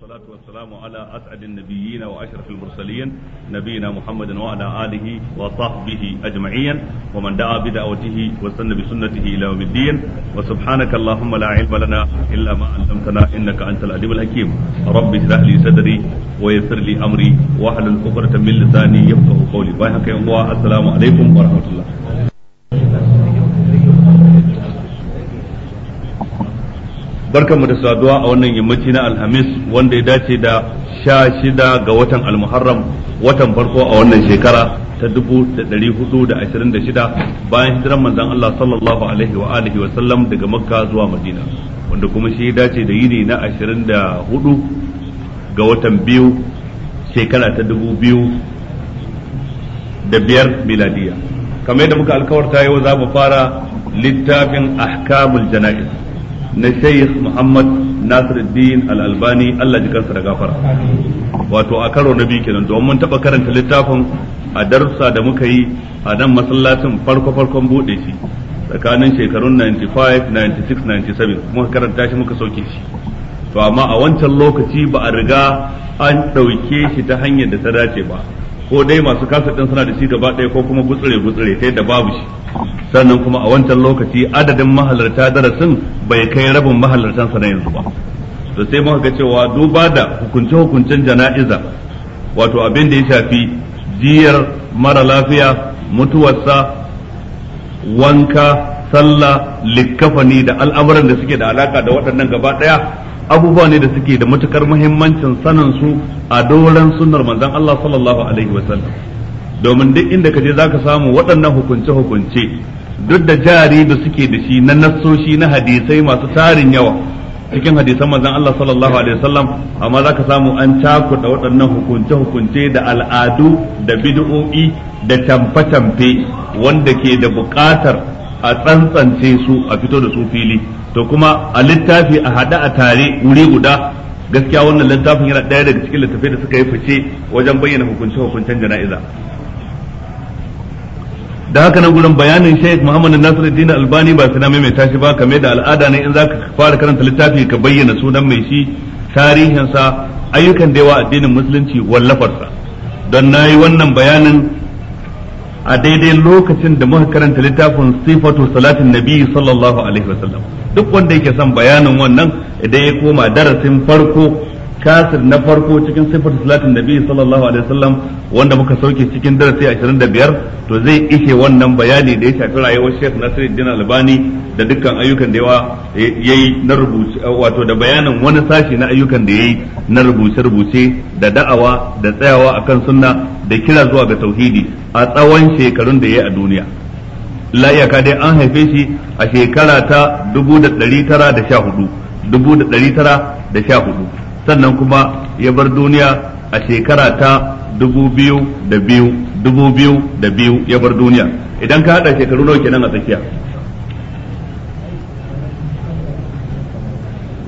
والصلاة والسلام على أسعد النبيين وأشرف المرسلين نبينا محمد وعلى آله وصحبه أجمعين ومن دعا بدعوته واستنى بسنته إلى يوم الدين وسبحانك اللهم لا علم لنا إلا ما علمتنا إنك أنت العليم الحكيم رب اشرح لي صدري ويسر لي أمري واحلل عقدة من لساني يفقهوا قولي باي السلام عليكم ورحمة الله mu da saduwa a wannan yammaci na alhamis wanda ya dace da sha shida ga watan almuharram watan farko a wannan shekara ta dubu da dari hudu da ashirin da shida bayan hijiran manzan Allah sallallahu alaihi wa alihi wa sallam daga makka zuwa madina wanda kuma shi ya dace da yini na ashirin da hudu ga watan biyu shekara ta dubu biyu da biyar miladiya kamar yadda muka alkawarta yau za mu fara littafin ahkamul jana'iz na Sheikh Muhammad Nasiruddin Al-Albani Allah ji kansa da gafara wato a karo na biyu kenan domin mun taba karanta littafin a darussa da muka yi a nan masallacin farko farkon bude shi tsakanin shekarun 95 96 97 muka karanta shi muka sauke shi to amma a wancan lokaci ba a riga an ɗauke shi ta hanyar da ta dace ba ko dai masu kasa ɗin suna da shi gaba ɗaya ko kuma gutsure gutsure ta yadda babu shi sannan kuma a wancan lokaci adadin mahalarta darasin bai kai rabin mahalartan sa na yanzu ba to sai muka ga cewa duba da hukunce hukuncen jana'iza wato abin da ya shafi jiyar mara lafiya mutuwarsa wanka sallah likkafani da al'amuran da suke da alaka da waɗannan gaba ɗaya abubuwa ne da suke da matukar muhimmancin sanin su a doran sunnar manzon Allah sallallahu alaihi wasallam domin duk inda ka je zaka samu waɗannan hukunce hukunce duk da jari da suke da shi na nassoshi na hadisai masu tarin yawa cikin hadisan manzon Allah sallallahu alaihi wasallam amma zaka samu an cakuɗa waɗannan hukunce hukunce da al'adu da bid'o'i da tamfe tamfe wanda ke da buƙatar a tsantsance su a fito da su fili to kuma a littafi a hada a tare wuri guda gaskiya wannan littafin yana ɗaya daga cikin littafai da suka yi fice wajen bayyana hukunce hukuncen jana'iza da haka nan gurin bayanin Sheikh Muhammad Nasiruddin Albani ba sai na maimaita shi ba kamar da al'ada ne in zaka fara karanta littafi ka bayyana sunan mai shi tarihinsa ayyukan da yawa addinin musulunci wallafarsa don nayi wannan bayanin a daidai lokacin da muka karanta littafin sifatu salatin nabi sallallahu alaihi wasallam duk wanda yake son bayanin wannan idan ya koma darasin farko kasir na farko cikin sifar salatin nabi sallallahu alaihi wasallam wanda muka sauke cikin darasi ashirin da biyar to zai ishe wannan bayani da ya shafi rayuwar Sheikh Nasiruddin Albani da dukkan ayyukan da ya eh, yi na rubuce eh, wato da bayanin wani sashi na ayyukan da ya yi na rubuce rubuce da da'awa da tsayawa akan sunna da kira zuwa ga tauhidi a tsawon shekarun da yayi a duniya la iyaka dai an haife shi a shekara ta 1914 1914 sannan kuma ya bar duniya a shekara ta dubu biyu da biyu dubu biyu da biyu ya bar duniya idan ka haɗa shekaru nawa kenan a tsakiya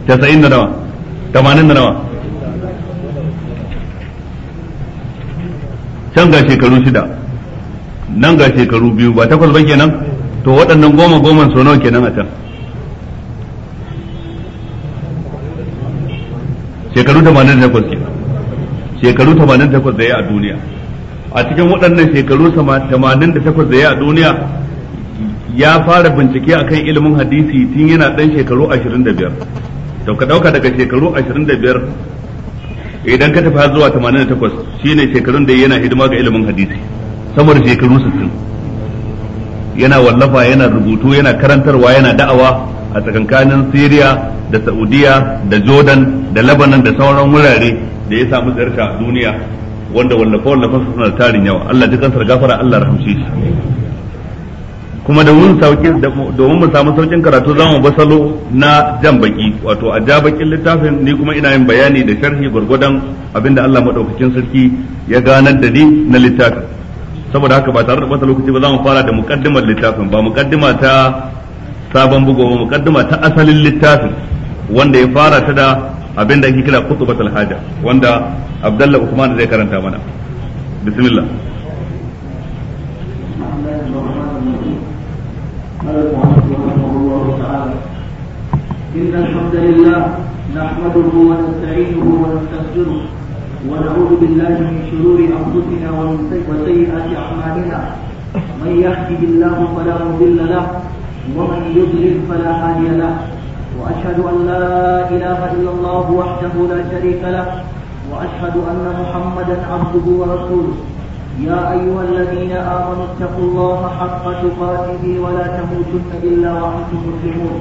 tasa'in da nawa tamanin da nawa can ga shekaru shida nan ga shekaru biyu ba takwas ba kenan to waɗannan goma goma so nawa kenan a can shekaru 88 kenan shekaru 88 da ya a duniya a cikin waɗannan shekaru 88 da ya a duniya ya fara bincike akan ilimin hadisi tun yana ɗan shekaru 25 to ka ɗauka daga shekaru 25 idan ka tafi zuwa 88 shine shekarun da yana hidima ga ilimin hadisi sama da shekaru 60 yana wallafa yana rubutu yana karantarwa yana da'awa a tsakankanin Syria da Saudiya da Jordan da Lebanon da sauran wurare da ya samu tsarka a duniya wanda wallafa fasa suna da tarin yawa Allah ji kansar gafara Allah rahamshe shi kuma da mun sauki domin mu samu saukin karatu zamu mu basalo na jan baki wato a ja bakin littafin ni kuma ina yin bayani da sharhi gurgudan abinda Allah madaukakin sarki ya ganar da ni na littafin saboda haka ba tare da bata lokaci ba zamu fara da muqaddimar littafin ba muqaddima ta sabon bugowa mukaddima ta asalin littafin wanda ya fara ta da abin da ake kira kutubatul haja wanda abdullah usman zai karanta mana bismillah إن الحمد لله نحمده ونستعينه ونستغفره ونعوذ بالله من شرور أنفسنا ومن سيئات أعمالنا من يهده الله فلا مضل له ومن يضلل فلا هادي له واشهد ان لا اله الا الله وحده لا شريك له واشهد ان محمدا عبده ورسوله يا ايها الذين امنوا اتقوا الله حق تقاته ولا تموتن الا وانتم مسلمون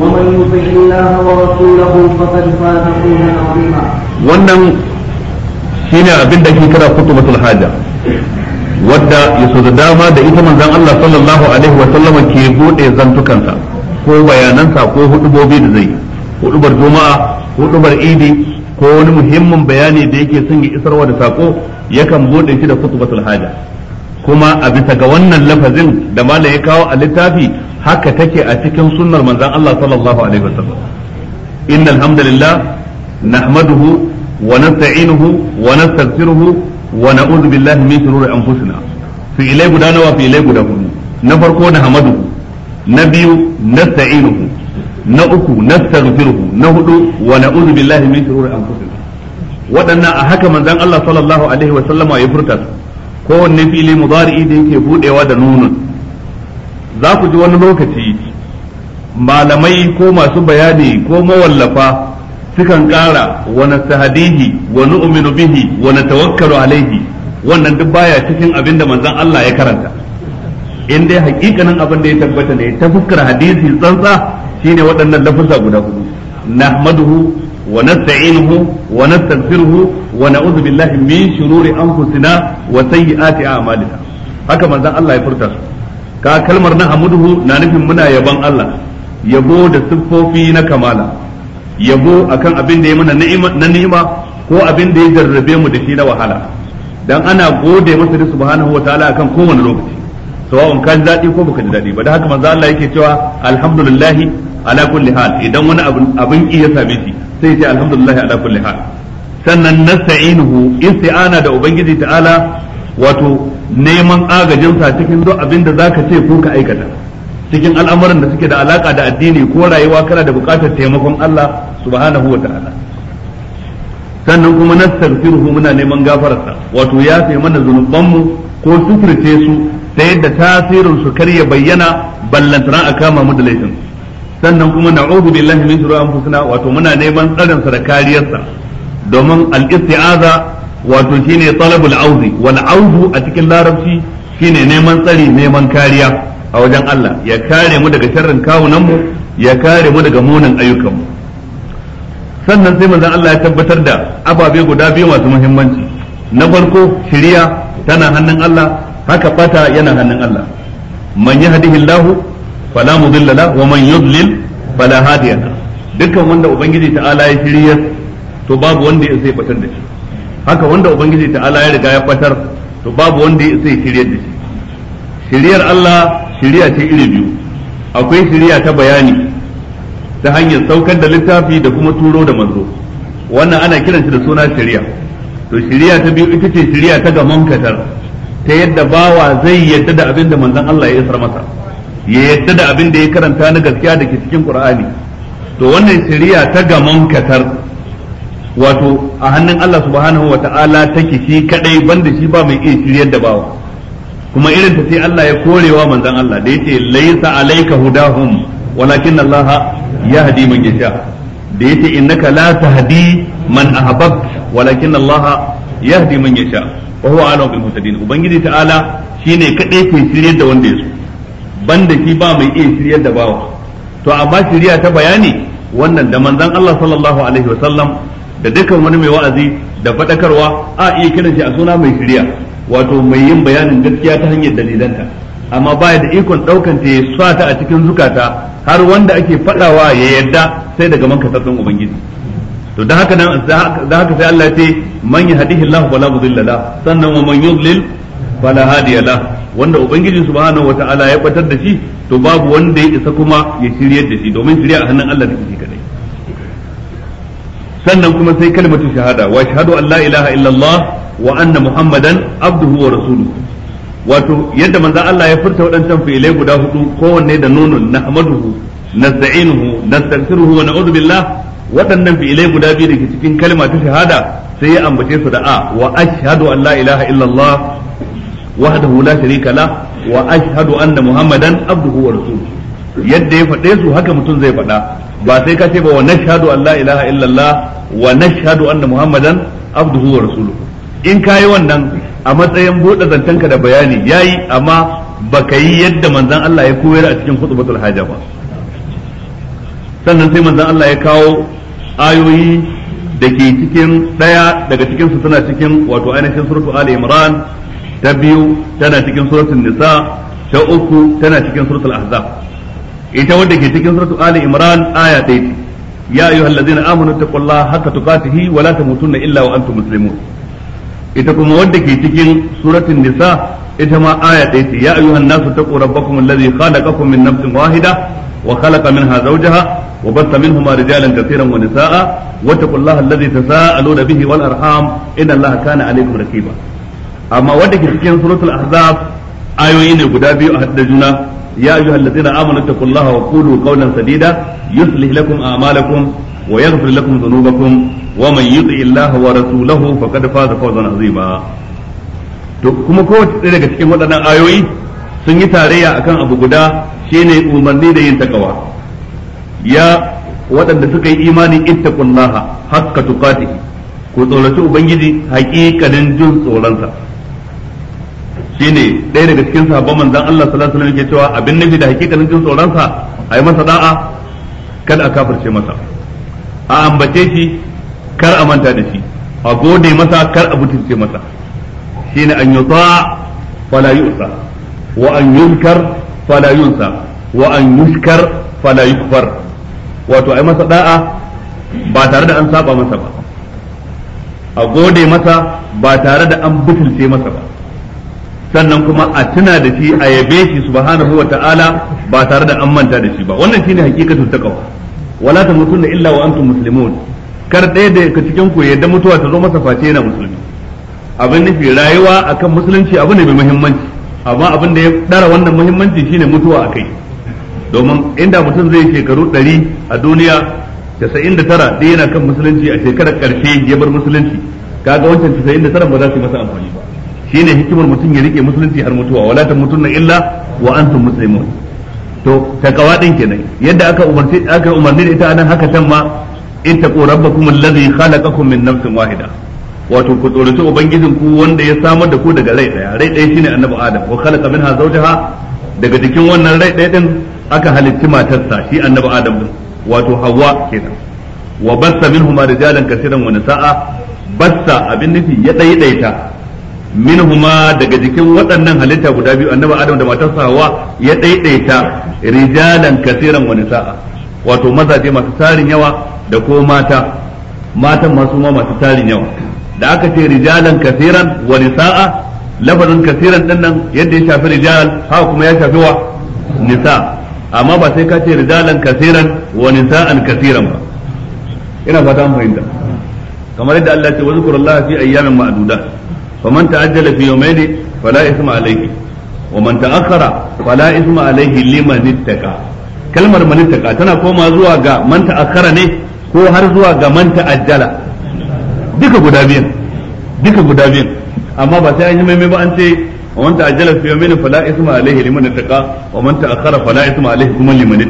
ومن يطع الله ورسوله فقد فاز فوزا عظيما wannan shine abin da ke kira kutubatul haja wadda ya so da dama da ita manzon Allah sallallahu alaihi wa sallama ke bude zantukansa ko bayanansa ko hudubobi da zai hudubar juma'a hudubar idi ko wani muhimmin bayani da yake son ya isarwa da sako yakan bude shi da kutubatul haja kuma a bisa ga wannan lafazin da malam ya kawo a littafi haka take a cikin sunnar manzon Allah sallallahu alaihi wasallam innal hamdalillah nahmaduhu wa nasta'inuhu wa nastaghfiruhu wa na'udhu billahi min shururi anfusina fi ilai guda nawa fi ilai guda na farko na nahmaduhu na biyu nasta'inuhu na uku nastaghfiruhu na hudu wa na'udhu billahi min shururi anfusina waɗannan a haka manzon Allah sallallahu alaihi wasallama ya furta su kowanne fili mudari'i da yake budewa da nunun za ku ji wani lokaci malamai ko masu bayani ko mawallafa sukan kara wani sahadihi wani uminu bihi wani tawakkalu alaihi wannan duk baya cikin abinda da manzon Allah ya karanta in dai hakikanin abin da ya tabbata ne ta fuskar hadisi tsantsa shine waɗannan lafuzza guda hudu nahmaduhu ونستعينه ونستغفره ونعوذ بالله من شرور انفسنا وسيئات اعمالنا haka manzon Allah ya furta su ka kalmar na hamuduhu na nufin muna yabon Allah yabo da siffofi na kamala yabo akan abin da ya mana na ni'ima ko abin da ya jarrabe mu da shi na wahala dan ana gode masa da subhanahu wataala akan kowane lokaci sawa'un ji daɗi ko baka ji daɗi ba da haka manzo Allah yake cewa alhamdulillah ala kulli hal idan wani abin abin iya same shi sai ce alhamdulillah ala kulli hal sannan nasta'inuhu isti'ana da ubangiji ta'ala wato neman agajinsa cikin duk abin da zaka ce ko ka aikata cikin al'amuran da suke da alaka da addini ko rayuwa kana da bukatar taimakon Allah subhanahu wa ta'ala sannan kuma nastaghfiruhu muna neman gafararsa wato ya sai mana zunubanmu ko sufurce su ta yadda tasirin su kar bayyana ballantana a kama mu da sannan kuma na'udhu billahi min shururi anfusina wato muna neman tsarin sa da kariyarsa domin al-isti'aza wato shine talabul auzi wal auzu a cikin larabci shine neman tsari neman kariya a wajen Allah ya kare mu daga sharrin kawunan mu ya kare mu daga munin ayyukan mu sannan sai manzon Allah ya tabbatar da ababe guda biyu masu muhimmanci na farko shiriya tana hannun Allah haka bata yana hannun Allah man yahdihillahu fala mudilla la wa man yudlil fala hadiya dukkan wanda ubangiji ta'ala ya shirya to babu wanda ya sai fatar da shi haka wanda ubangiji ta'ala ya riga ya fatar to babu wanda ya sai shiryar da shi shiryar Allah shiriya ce iri biyu akwai shiriya ta bayani ta hanyar saukar da littafi da kuma turo da manzo wannan ana kiran shi da suna shiriya to shiriya ta biyu ita ce shiriya ta ga katar ta yadda bawa zai yadda da abin da manzon Allah ya isar masa ya yadda da abin da ya karanta na gaskiya da ke cikin qur'ani to wannan shari'a ta gamon katar wato a hannun Allah subhanahu wa ta'ala take shi kadai banda shi ba mai iya shiryar da bawa kuma irin ta sai Allah ya korewa manzon Allah da yace laysa alayka hudahum walakin Allah yahdi man yasha da yace innaka la tahdi man ahbabta walakin Allah yahdi man yasha wa huwa alim bil muhtadin ubangiji ta'ala shine kadai ke shiryar da wanda ya so banda shi ba mai iya shiryar da bawa to amma shirya ta bayani wannan da manzon Allah sallallahu alaihi wa sallam da dukkan wani mai wa'azi da fadakarwa a iya kiran shi a suna mai shirya wato mai yin bayanin gaskiya ta hanyar dalilanta amma baya da ikon daukan ta ya sa ta a cikin zukata har wanda ake fadawa ya yadda sai daga manka tsatsin ubangiji to dan haka nan da haka sai Allah ya ce man yahdihillahu fala mudilla sannan wa man yudlil fala hadiya la wanda ubangiji subhanahu wataala ya batar da shi to babu wanda ya isa kuma ya shiryar da shi domin shirya a hannun Allah take shi kadai sannan kuma sai kalmatu shahada wa shahadu an la ilaha illallah wa anna muhammadan abduhu wa rasuluhu wato yadda manzo Allah ya furta waɗancan fi'ilai guda hudu kowanne da nunun nahmaduhu nasta'inuhu nastaghfiruhu wa na'udhu billah waɗannan fi'ilai guda biyu da ke cikin kalma ta shahada sai ya ambace su da a wa ashhadu an la ilaha illallah wahdahu la sharika la wa ashhadu anna muhammadan abduhu wa rasuluhu yadda ya faɗe su haka mutum zai faɗa ba sai ka ce ba wa nashhadu an la ilaha illallah wa nashhadu anna muhammadan abduhu wa rasuluhu in kayi wannan a matsayin buɗe zantanka da bayani yayi amma baka yi yadda manzon Allah ya koyar a cikin khutbatul haja ba sannan sai manzon Allah ya kawo ayoyi da ke cikin daya daga cikin su suna cikin wato ainihin suratu Ali Imran ta biyu tana cikin suratul nisa ta uku tana cikin suratul ahzab ita wadda ke cikin suratul ali imran aya ɗaya ce ya ayyuha allazina amanu taqullaha haqqa tuqatihi wa la tamutunna illa wa antum muslimun ita kuma wadda ke cikin suratul nisa ita ma aya ɗaya ce ya ayyuha an-nasu taqu rabbakum allazi khalaqakum min nafsin wahida wa khalaqa minha zawjaha وبث منهما رجالا كثيرا ونساء واتقوا الله الذي تساءلون به والارحام ان الله كان عليكم رقيبا amma wanda ke cikin suratul ahzab ayoyi ne guda biyu a hadda juna ya ayyuha allazina amanu taqullaha wa qulu qawlan sadida yuslih lakum a'malakum wa yaghfir lakum dhunubakum wa man yuti illaha wa rasulahu faqad faza fawzan azima to kuma kowace daga cikin waɗannan ayoyi sun yi tarayya akan abu guda shine umarni da yin takawa ya waɗanda suka yi imani ittaqullaha haqqa tuqatihi ku tsoraci ubangiji haƙiƙanin jin tsoronsa shine ɗaya daga cikin sahabban manzon Allah sallallahu alaihi wasallam yake cewa abin nabi da hakikanin jin tsoron sa yi masa da'a kar a kafirce masa a ambace shi kar a manta da shi a gode masa kar a mutunce masa shine an yuta fala yusa wa an yunkar fala yunsa wa an yushkar fala yukfar wato ai masa da'a ba tare da an saba masa ba a gode masa ba tare da an butulce masa ba sannan kuma a tuna da shi a yabe shi subhanahu wa ta'ala ba tare da an manta da shi ba wannan shine hakikatul taqwa wala tamutunna illa wa antum muslimun kar ɗaya da ka cikin ku yadda mutuwa ta zo masa face yana musulmi abin nufi rayuwa akan musulunci abu ne mai muhimmanci amma abin da ya dara wannan muhimmanci shine mutuwa kai. domin inda mutum zai shekaru ɗari a duniya casa'in da tara ɗaya yana kan musulunci a shekarar ƙarshe ya bar musulunci kaga wancan casa'in da tara ba za su yi masa amfani ba shine hikimar mutum ya rike musulunci har mutuwa wala ta tamutunna illa wa antum muslimun to takawa din kenan yadda aka umarci aka umarni da ita anan haka can ma in ittaqu rabbakum alladhi khalaqakum min nafsin wahida wato ku tsoraci ubangijin ku wanda ya samar da ku daga rai daya rai daya shine annabi adam wa khalaqa minha zawjaha daga cikin wannan rai daya din aka halitti matarsa shi annabi adam din wato hawa kenan wa bassa minhuma rijalan kaseeran wa nisaa bassa abin nufi ya daidaita minhuma daga jikin waɗannan halitta guda biyu annabi adam da matarsa hawa ya daidaita rijalan kasiran wa nisaa wato mazaje masu tarin yawa da ko mata matan masu ma masu tarin yawa da aka ce rijalan kasiran wa nisaa lafazin kasiran din nan yadda ya shafi rijal haka kuma ya shafi wa nisa amma ba sai ka ce rijalan kasiran wa nisaan kasiran ba ina fata an fahimta kamar yadda Allah ya ce wa zikrullahi fi ayyamin ma'dudat faman ta'ajjala fi yawmayni fala ithma alayhi wa man ta'akhkhara fala ithma alayhi liman ittaqa kalmar man ittaqa tana koma zuwa ga man ta'akhkhara ne ko har zuwa ga man ta'ajjala duka guda biyan duka guda biyan amma ba sai an yi maimai ba an ce wa man ta'ajjala fi yawmayni fala ithma alayhi liman wa liman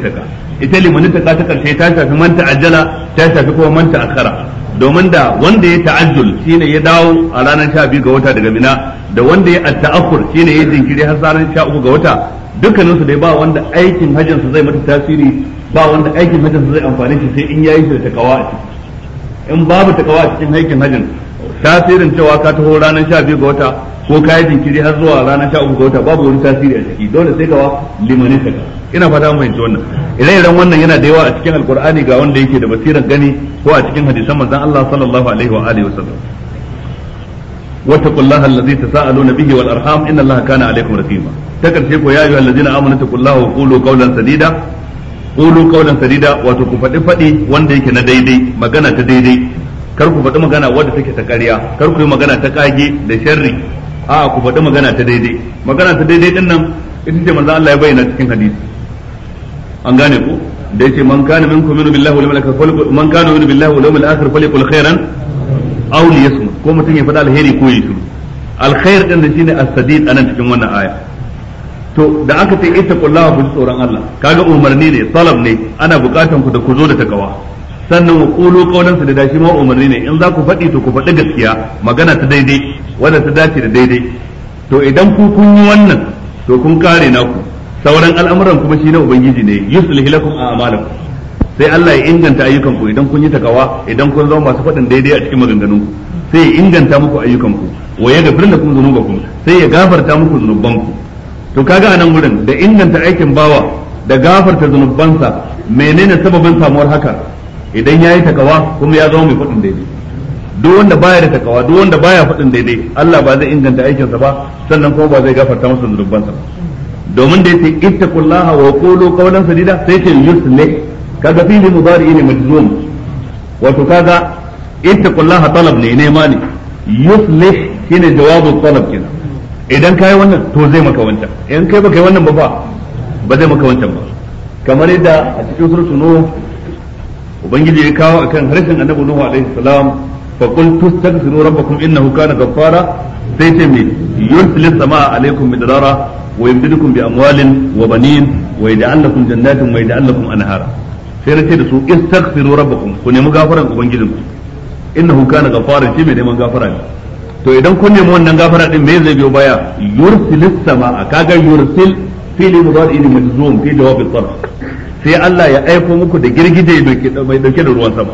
ita limanin ta ta karshe ta shafi man ta'ajjala ta shafi kuma man ta'akhara domin da wanda ya ta'ajjul shine ya dawo a ranar 12 ga wata daga mina da wanda ya ta'akhur shine ya jinkiri har ranar 13 ga wata dukkanin su dai ba wanda aikin hajjin su zai mata tasiri ba wanda aikin hajjin su zai amfane shi sai in yayi shi da takawa a in babu takawa a cikin aikin hajjin tasirin cewa ka taho ranar 12 ga wata ko ka yi jinkiri har zuwa ranar 13 ga wata babu wani tasiri a ciki dole sai wa limanin ka ina fata mun fahimci wannan ire-iren wannan yana da yawa a cikin alkur'ani ga wanda yake da basiran gani ko a cikin hadisan manzon Allah sallallahu alaihi wa alihi wasallam واتقوا الله الذي تساءلون به والارحام ان الله كان عليكم Ta تكرسي ko ya ayyuha allazina amanu taqullaha wa qulu qawlan sadida qulu qawlan sadida wato ku fadi fadi wanda yake na daidai magana ta daidai kar ku fadi magana wadda take ta ƙarya kar ku yi magana ta kage da sharri a ku fadi magana ta daidai magana ta daidai din nan ita ce manzo Allah ya bayyana cikin hadisi an gane ku da yake man kana minkum yu'minu billahi wal malaikati fal man kana yu'minu billahi wal yawmil akhir falyakul khairan aw liyasmut ko mutum ya faɗa alheri ko yi shiru alkhair din da shine as sadid anan cikin wannan aya to da aka ce kullahu bi tsoron Allah kaga umarni ne talab ne ana bukatan ku da ku zo da takawa sannan wa qulu qawlan da dashi ma umarni ne in za ku faɗi to ku faɗi gaskiya magana ta daidai wanda ta dace da daidai to idan ku kun yi wannan to kun kare naku sauran al'amuran kuma shi na ubangiji ne yuslih lakum a'malakum sai Allah ya inganta ayyukan ku idan kun yi takawa idan kun zama masu faɗin daidai a cikin maganganun ku sai ya inganta muku ayyukan ku wa ya gafir lakum dhunubakum sai ya gafarta muku zunuban ku to kaga anan gurin da inganta aikin bawa da gafarta zunubansa menene sababin samuwar haka idan yayi takawa kuma ya zama mai faɗin daidai duk wanda baya da takawa duk wanda baya faɗin daidai Allah ba zai inganta aikinsa ba sannan kuma ba zai gafarta masa zunuban ba domin da yace ittaqullaha wa qulu qawlan sadida sai ce yuslih kaga fi'li mudari ne majzum wato kaga ittaqullaha talab ne ne mani yuslih shine jawabu talab kenan idan kai wannan to zai maka wancan idan kai baka yi wannan ba fa ba zai maka wancan ba kamar yadda a cikin suratul nuh ubangiji ya kawo akan harshen annabi nuhu alaihi salam fa qul tastaghfiru rabbakum innahu kana ghaffara sai ce me yursilu samaa alaikum midrara wa yumdidukum bi amwalin wa banin wa yaj'al lakum jannatin wa yaj'al lakum anhara sai nace da su istaghfiru rabbakum ku nemi gafaran ubangijinku innahu kana ghafaran shi mai neman gafara ne to idan kun nemi wannan gafara din me zai biyo baya yursilis samaa kaga yursil fili mudari ne majzum fi jawab al-sarf sai Allah ya aiko muku da girgije mai dauke da ruwan sama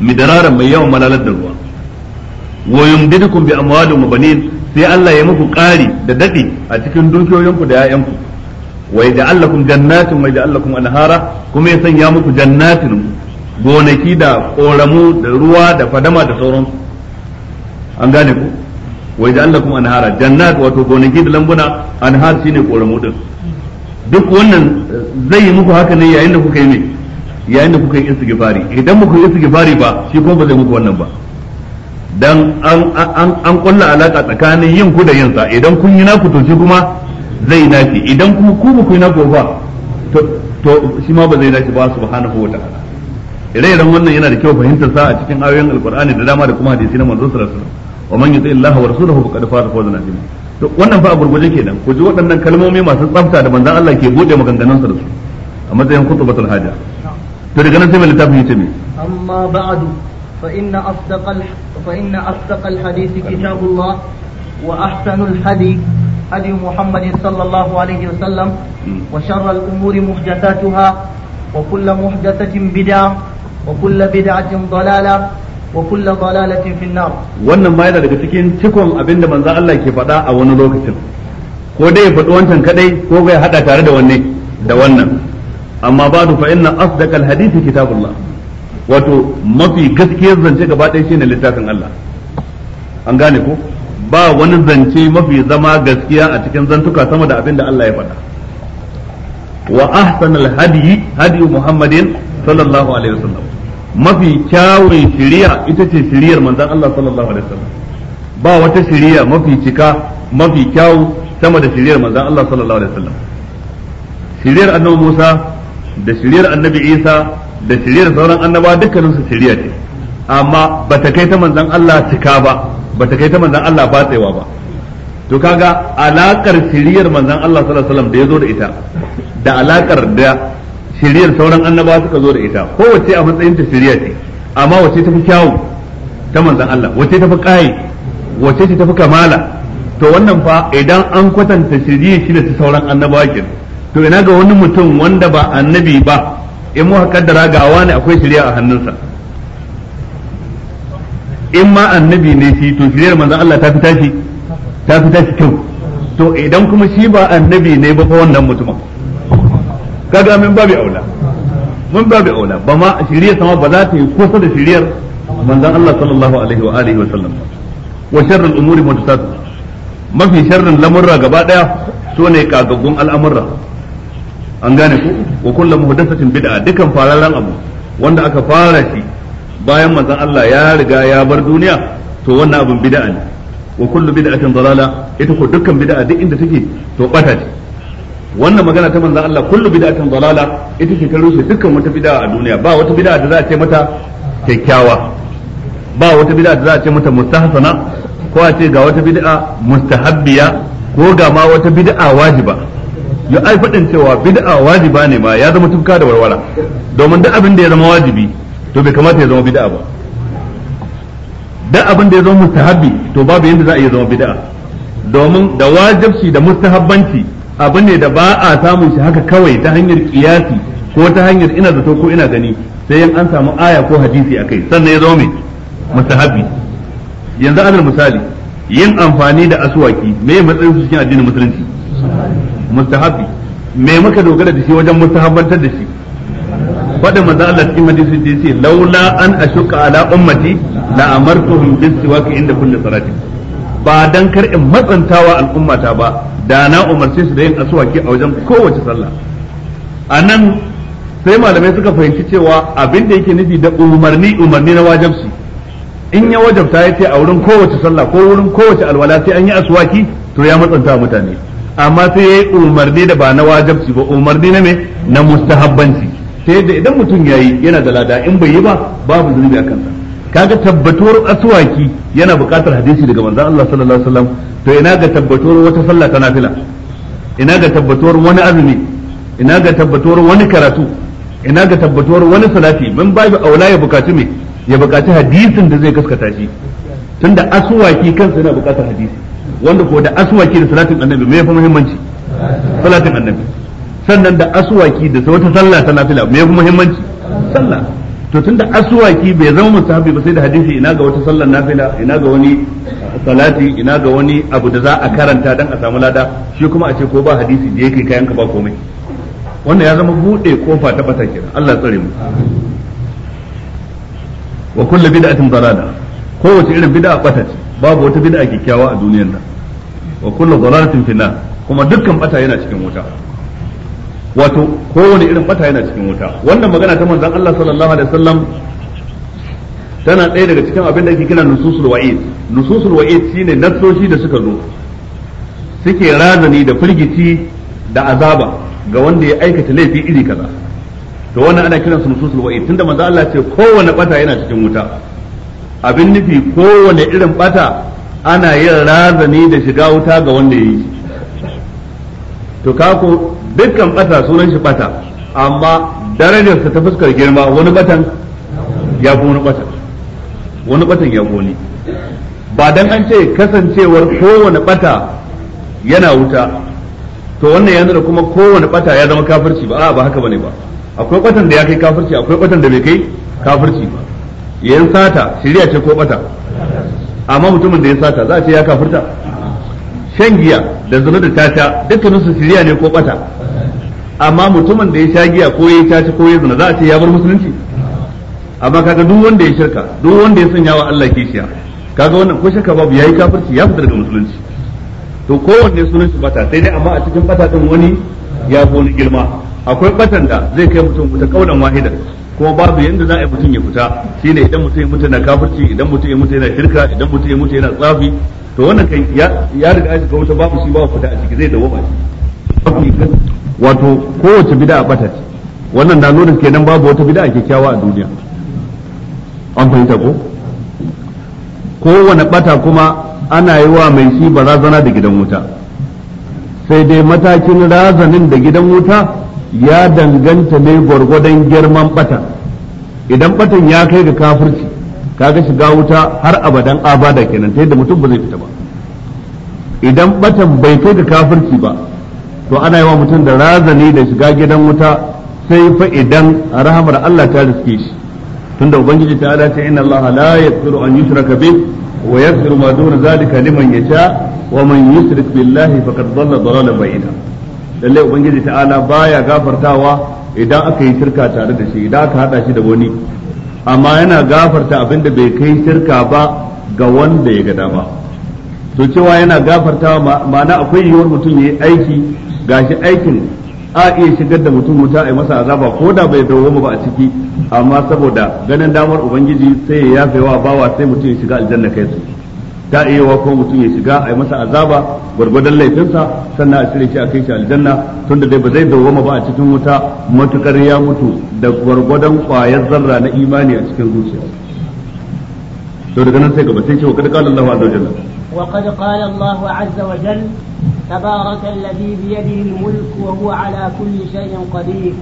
midararan mai yawan malalar da ruwa wa yumdidukum bi amwalin wa banin sai Allah ya muku ƙari da dadi a cikin dukiyoyinku da ya'yanku ƴaƴanku wa yaj'alakum jannatin wa yaj'alakum anhara kuma ya sanya muku jannatin gonaki da koramu da ruwa da fadama da sauransu an gane ku wa yaj'alakum anhara jannat wato gonaki da lambuna anhar shine koramu din duk wannan zai yi muku haka ne yayin da kuka yi ne yayin da kuka yi istighfari idan muku yi istighfari ba shi kuma ba zai muku wannan ba dan an an an kulla alaka tsakanin yin ku da yin sa idan kun yi naku to shi kuma zai nafi idan kuma ku ba ku yi naku ba to shi ma ba zai nafi ba subhanahu wa ta'ala ire-iren wannan yana da kyau fahimtar sa a cikin ayoyin alqur'ani da dama da kuma hadisi na manzo sallallahu alaihi wasallam wa man yuti illaha wa rasulahu faqad faza fawzan azima to wannan fa a gurguje kenan ku ji waɗannan kalmomi masu tsafta da manzon Allah ke bude maganganun sa da su a matsayin khutbatul haja to daga nan sai mai littafin yace amma ba'du فإن أصدق فإن أصدق الحديث كتاب الله وأحسن الهدي هدي محمد صلى الله عليه وسلم وشر الأمور محدثاتها وكل محدثة بدعة وكل بدعة ضلالة وكل ضلالة في النار wannan ma yana daga cikin cikon abinda manzo Allah ke faɗa a wani lokacin ko dai ya faɗi wancan kaɗai, ko ya hada tare da wanne da wannan amma ba'du wato mafi gaskiyar zance gaba ɗaya shine littafin Allah an gane ko ba wani zance mafi zama gaskiya a cikin zantuka sama da abin da Allah ya faɗa wa ahsanal hadi hadi muhammadin sallallahu alaihi wasallam mafi kyawun shiriya ita ce shiriyar manzon Allah sallallahu alaihi wasallam ba wata shiriya mafi cika mafi kyawu sama da shiriyar manzon Allah sallallahu alaihi wasallam shiriyar annabi Musa da shiriyar annabi Isa da shiriyar sauran annaba dukkanin su shirya ce amma bata kai ta manzon Allah cika ba bata kai ta manzon Allah batsewa ba to kaga alakar shiriyar manzon Allah sallallahu alaihi wasallam da yazo da ita da alakar da shiriyar sauran annaba suka zo da ita kowace a matsayin ta shirya ce amma wace tafi kyawu ta manzon Allah wace tafi kai wace ce tafi kamala to wannan fa idan an kwatanta shiriyar shi da sauran annabawa kenan to ina ga wani mutum wanda ba annabi ba in muka kaddara ga wani akwai shari'a a hannunsa in ma annabi ne shi to shari'ar manzon Allah ta fi tashi ta fi tashi kyau to idan kuma shi ba annabi ne ba fa wannan mutumin kaga min babu aula mun babu aula ba ma shari'ar sama ba za ta yi kusa da shari'ar manzon Allah sallallahu alaihi wa alihi wa sallam wa sharrul umuri muhdathatuha mafi sharrin lamurra gaba daya sune kagaggun al'amurra an gane ku wa kullu muhdathatin bid'a dukan fararran abu wanda aka fara shi bayan manzon Allah ya riga ya bar duniya to wannan abin bid'a ne wa kullu bid'atin dalala ita ko dukkan bid'a duk inda take to bata ce wannan magana ta manzon Allah kullu bid'atin dalala ita ce ta rushe dukkan wata bid'a a duniya ba wata bid'a da za a ce mata kyakkyawa ba wata bid'a da za a ce mata mustahsana ko a ce ga wata bid'a mustahabbiya ko ga ma wata bid'a wajiba ya ai faɗin cewa bid'a wajiba ne ma ya zama tufka da warwara domin duk abin da ya zama wajibi to bai kamata ya zama bid'a ba duk abin da ya zama mustahabbi to babu yadda za a iya zama bid'a domin da wajibci da mustahabbanci abin ne da ba a samun shi haka kawai ta hanyar kiyasi ko ta hanyar ina zato ko ina gani sai in an samu aya ko hadisi akai sannan ya zama mai mustahabbi yanzu alal misali yin amfani da asuwaki me matsayin su cikin addinin musulunci mustahabi me muka dogara da shi wajen mustahabbantar da shi faɗin manzo Allah cikin hadisi da yace laula an ashuka ala ummati la amartuhum bis siwak inda kulli salati ba dan kar in matsantawa al'ummata ba da na umarce su da yin aswaki a wajen kowace sallah anan sai malamai suka fahimci cewa abin da yake nufi da umarni umarni na wajabci in ya wajabta ya ce a wurin kowace sallah ko wurin kowace alwala sai an yi aswaki to ya matsanta mutane amma sai yayi umarni da ba na wajabci ba umarni na me na mustahabbanci sai da idan mutum yayi yana da lada in bai yi ba babu zunubi a kansa kaga tabbatuwar aswaki yana buƙatar hadisi daga manzon Allah sallallahu alaihi wasallam to ina ga tabbatuwar wata sallah ta nafila ina ga tabbatuwar wani azumi ina ga tabbatuwar wani karatu ina ga tabbatuwar wani salati min babu aula ya bukaci me ya bukaci hadisin da zai gaskata shi tunda aswaki kansa yana buƙatar hadisi wanda ko da aswaki da salatin annabi me yafi muhimmanci salatin annabi sannan da aswaki da wata sallah ta nafila me yafi muhimmanci sallah to tunda aswaki bai zama musahabi ba sai da hadisi ina ga wata sallar nafila ina ga wani salati ina ga wani abu da za a karanta dan a samu lada shi kuma a ce ko ba hadisi da yake kayan ka ba komai wannan ya zama bude kofa ta bata kenan Allah tsare mu wa kullu bid'atin dalala kowace irin bid'a bata ce babu wata bid'a kikkiawa a duniyar nan wa kullu dalalatin finna kuma dukkan bata yana cikin wuta wato kowane irin bata yana cikin wuta wannan magana ta manzon Allah sallallahu alaihi wasallam tana ɗaya daga cikin abin da ake kira nususul wa'id nususul wa'id shine nassoshi da suka zo suke razani da firgici da azaba ga wanda ya aikata laifi iri kaza to wannan ana kiransu nususul wa'id tunda manzon Allah ce kowane bata yana cikin wuta abin nufi kowane irin bata ana yin razani da shiga wuta ga wanda ya yi to kako dukkan bata sunan shi bata amma darajarsa ta fuskar girma wani batan ya fi wani batan wani batan ya goni ba dan an ce kasancewar kowane bata yana wuta to wannan ya nuna kuma kowane bata ya zama kafirci ba a ba haka bane ba akwai batan da ya kai kafirci akwai batan da bai kai kafirci ba yayin sata shirya ce ko bata amma mutumin da ya sata za a ce ya kafirta shan giya da zina da tata dukkanin su shirya ne ko bata amma mutumin da ya sha giya ko ya tace ko ya zina za a ce ya bar musulunci amma kaga duk wanda ya shirka duk wanda ya sanya wa Allah kishiya kaga wannan ko shirka babu yayi kafirci ya fita daga musulunci to kowanne sunan shi bata sai dai amma a cikin bata din wani ya fi wani girma akwai batan da zai kai mutum ta kaunan wahidan Ko babu yanda za a yi mutum ya fita shine idan mutum ya mutu yana kafirci idan mutum ya mutu yana shirka idan mutum ya mutu yana tsafi to wannan kan ya riga ya shiga wuta babu shi babu fita a ciki zai dawo ba shi wato kowace bid'a bata ce wannan na nuna kenan babu wata bid'a kyakkyawa a duniya an fahimta ko kowane bata kuma ana yi wa mai shi barazana da gidan wuta sai dai matakin razanin da gidan wuta ya danganta ne gwargwadon girman bata idan batan ya kai ga kafirci kaga shiga wuta har abadan abada kenan ta yadda mutum ba zai fita ba idan batan bai kai ga kafirci ba to ana yi wa mutum da razani da shiga gidan wuta sai fa idan rahamar Allah ta riske shi tunda ubangiji ta ala ta inna Allah la yaghfiru an yushraka bih wa yaghfiru ma duna zalika liman yasha wa man yushrik billahi faqad dhalla dhalalan ba'ida lalle ubangiji ta'ala baya gafartawa idan aka yi shirka tare da shi idan aka hada shi da wani amma yana gafarta abin da bai kai shirka ba ga wanda ya gada ba, to cewa yana gafarta ma'ana akwai yiwuwar mutum ya yi aiki gashi aikin a iya shigar da mutum wuta a masa azaba ko da bai dawo ba a ciki amma saboda ganin damar ubangiji sai ya yafe wa bawa sai mutum ya shiga aljanna kai su ta iya wa ko mutum ya shiga a yi masa azaba gwargwadon laifinsa sannan a cire shi a kai shi aljanna tun da dai ba zai dawoma ba a cikin wuta matukar ya mutu da gwargwadon kwayar zarra na imani a cikin zuciya to daga nan sai gaba sai ce wa kada qala Allahu azza wa jalla wa qad qala Allahu azza wa jalla tabaraka alladhi bi yadihi al wa huwa ala kulli shay'in qadir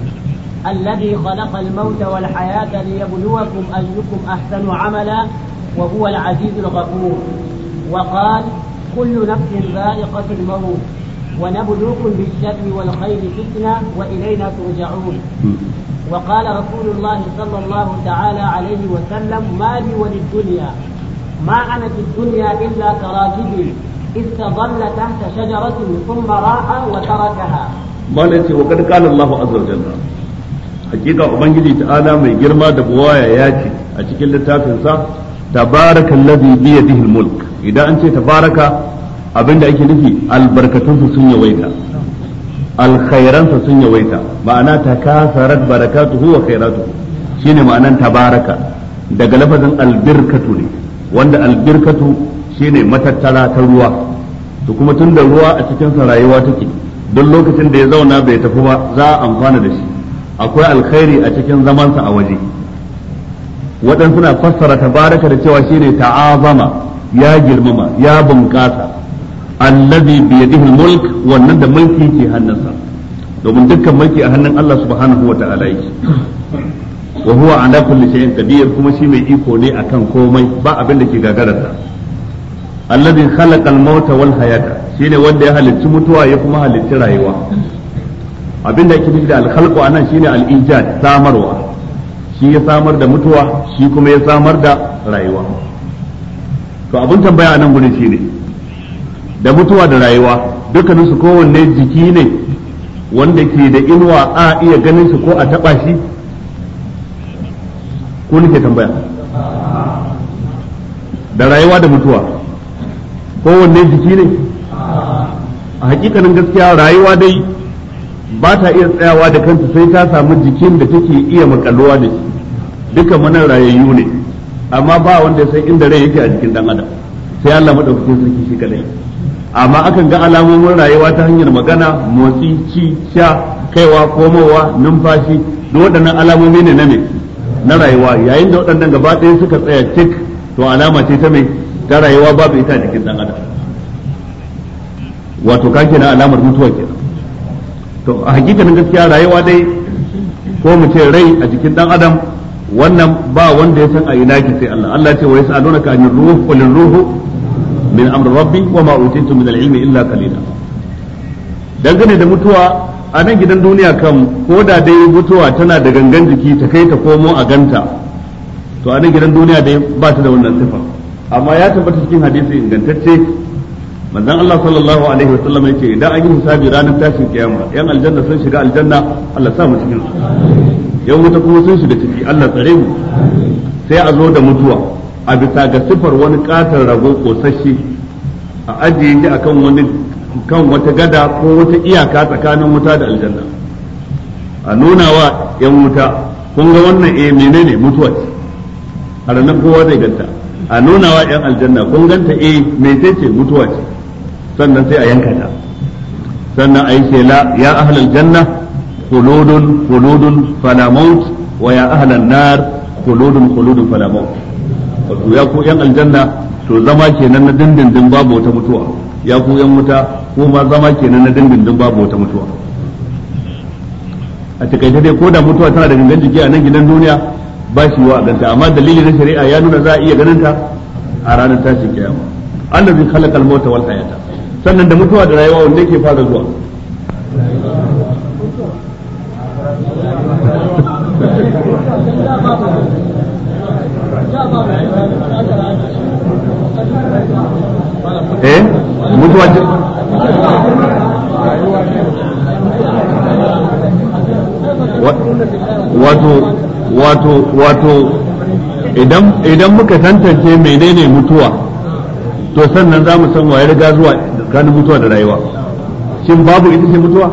الذي خلق الموت والحياة ليبلوكم أيكم أحسن عملا وهو العزيز الغفور وقال كل نفس ذائقة الموت ونبلوكم بالشر والخير فتنة وإلينا ترجعون وقال رسول الله صلى الله تعالى عليه وسلم ما لي وللدنيا ما أنا في الدنيا إلا كراكب استظل تحت شجرة ثم راح وتركها ما ليس وقد قال الله عز وجل hakika ubangiji ta'ala mai girma da buwaya ya ce a cikin littafinsa tabarakallazi biyadihi almulk idan an ce tabaraka abinda ake nufi albarkatunsu sun yawaita alkhairansa sun yawaita ma'ana kasarar barakatu wa khairatu shine ma'anan tabaraka daga lafazin albirkatu ne wanda albirkatu shine matattara ta ruwa to kuma tunda ruwa a cikin sa rayuwa take don lokacin da ya zauna bai tafi ba za a amfana da shi akwai alkhairi a cikin zamansa a waje waɗansu na fassara tabaraka da cewa shine ta'azama ya girmama ya bunƙasa allazi bi yadihi mulk wannan da mulki ke hannunsa domin dukkan mulki a hannun Allah subhanahu wa ta'ala yake wa huwa ala kulli shay'in qadir kuma shi mai iko ne akan komai ba abin da ke gagararsa allazi khalaqa al-mauta wal hayata shine wanda ya halicci mutuwa ya kuma halicci rayuwa abin da ake nufi da al-khalqu anan shine al-ijad samarwa shi ya samar da mutuwa shi kuma ya samar da rayuwa to abin tambaya a nan gurin ne. da mutuwa da rayuwa dukkanin su kowanne jiki ne wanda ke da inuwa a iya ganin su ko a taba shi ko nake tambaya da rayuwa da mutuwa kowanne jiki ne a hakikanin gaskiya rayuwa dai ba ta iya tsayawa da kanta sai ta samu jikin da take iya makalluwa da shi duka manan rayayyu ne amma ba wanda ya san inda rai yake a jikin dan adam sai Allah madaukakin sarki shi kadai amma akan ga alamomin rayuwa ta hanyar magana motsi ci sha kaiwa komowa numfashi duk waɗannan alamomi ne na me na rayuwa yayin da waɗannan gaba ɗaya suka tsaya cik to alama ce ta mai ta rayuwa babu ita a jikin dan adam wato ka kenan alamar mutuwa kenan to a hakikanin gaskiya rayuwa dai ko mu ce rai a jikin dan adam wannan ba wanda ya san a ina ki sai Allah Allah ce wa yas'alunaka anir ka qul ruhu min amr rabbi wa ma utitu min al-ilmi illa qalila dangane da mutuwa a nan gidan duniya kan ko da dai mutuwa tana da gangan jiki ta kai ta komo a ganta to a nan gidan duniya dai ba ta da wannan sifa amma ya tabbata cikin hadisi ingantacce manzon Allah sallallahu alaihi wa sallam yake, idan an yi hisabi ranar tashin kiyama yan aljanna sun shiga aljanna Allah sa mu cikin yan wuta kuma sun shiga ciki Allah tsare mu sai a zo da mutuwa a bisa ga sifar wani katar rago kosashe a ajiye shi akan wani kan wata gada ko wata iyaka tsakanin wuta da aljanna a nuna wa yan wuta kun ga wannan eh menene mutuwa ce a ranar kowa zai ganta a nuna wa yan aljanna kun ganta eh mecece mutuwa ce sannan sai a yanka ta sannan a yi shela ya ahlal janna khuludun khuludun fala maut wa ya ahlan nar khuludun khuludun fala maut wato ya ku yan aljanna to zama kenan na dindindin babu wata mutuwa ya ku yan wuta ko ma zama kenan na dindindin babu wata mutuwa a takaice dai ko da mutuwa tana da gangan jiki a nan gidan duniya ba shi wa ganta amma dalili na shari'a ya nuna za a iya ganin ta a ranar tashin kiyama Allah zai khalaqa al-mauta wal hayata sannan da mutuwa da rayuwa wanda yake fara zuwa wato idan muka tantance menene mutuwa to sannan za mu san waye riga zuwa kan mutuwa da rayuwa shin babu ita ce mutuwa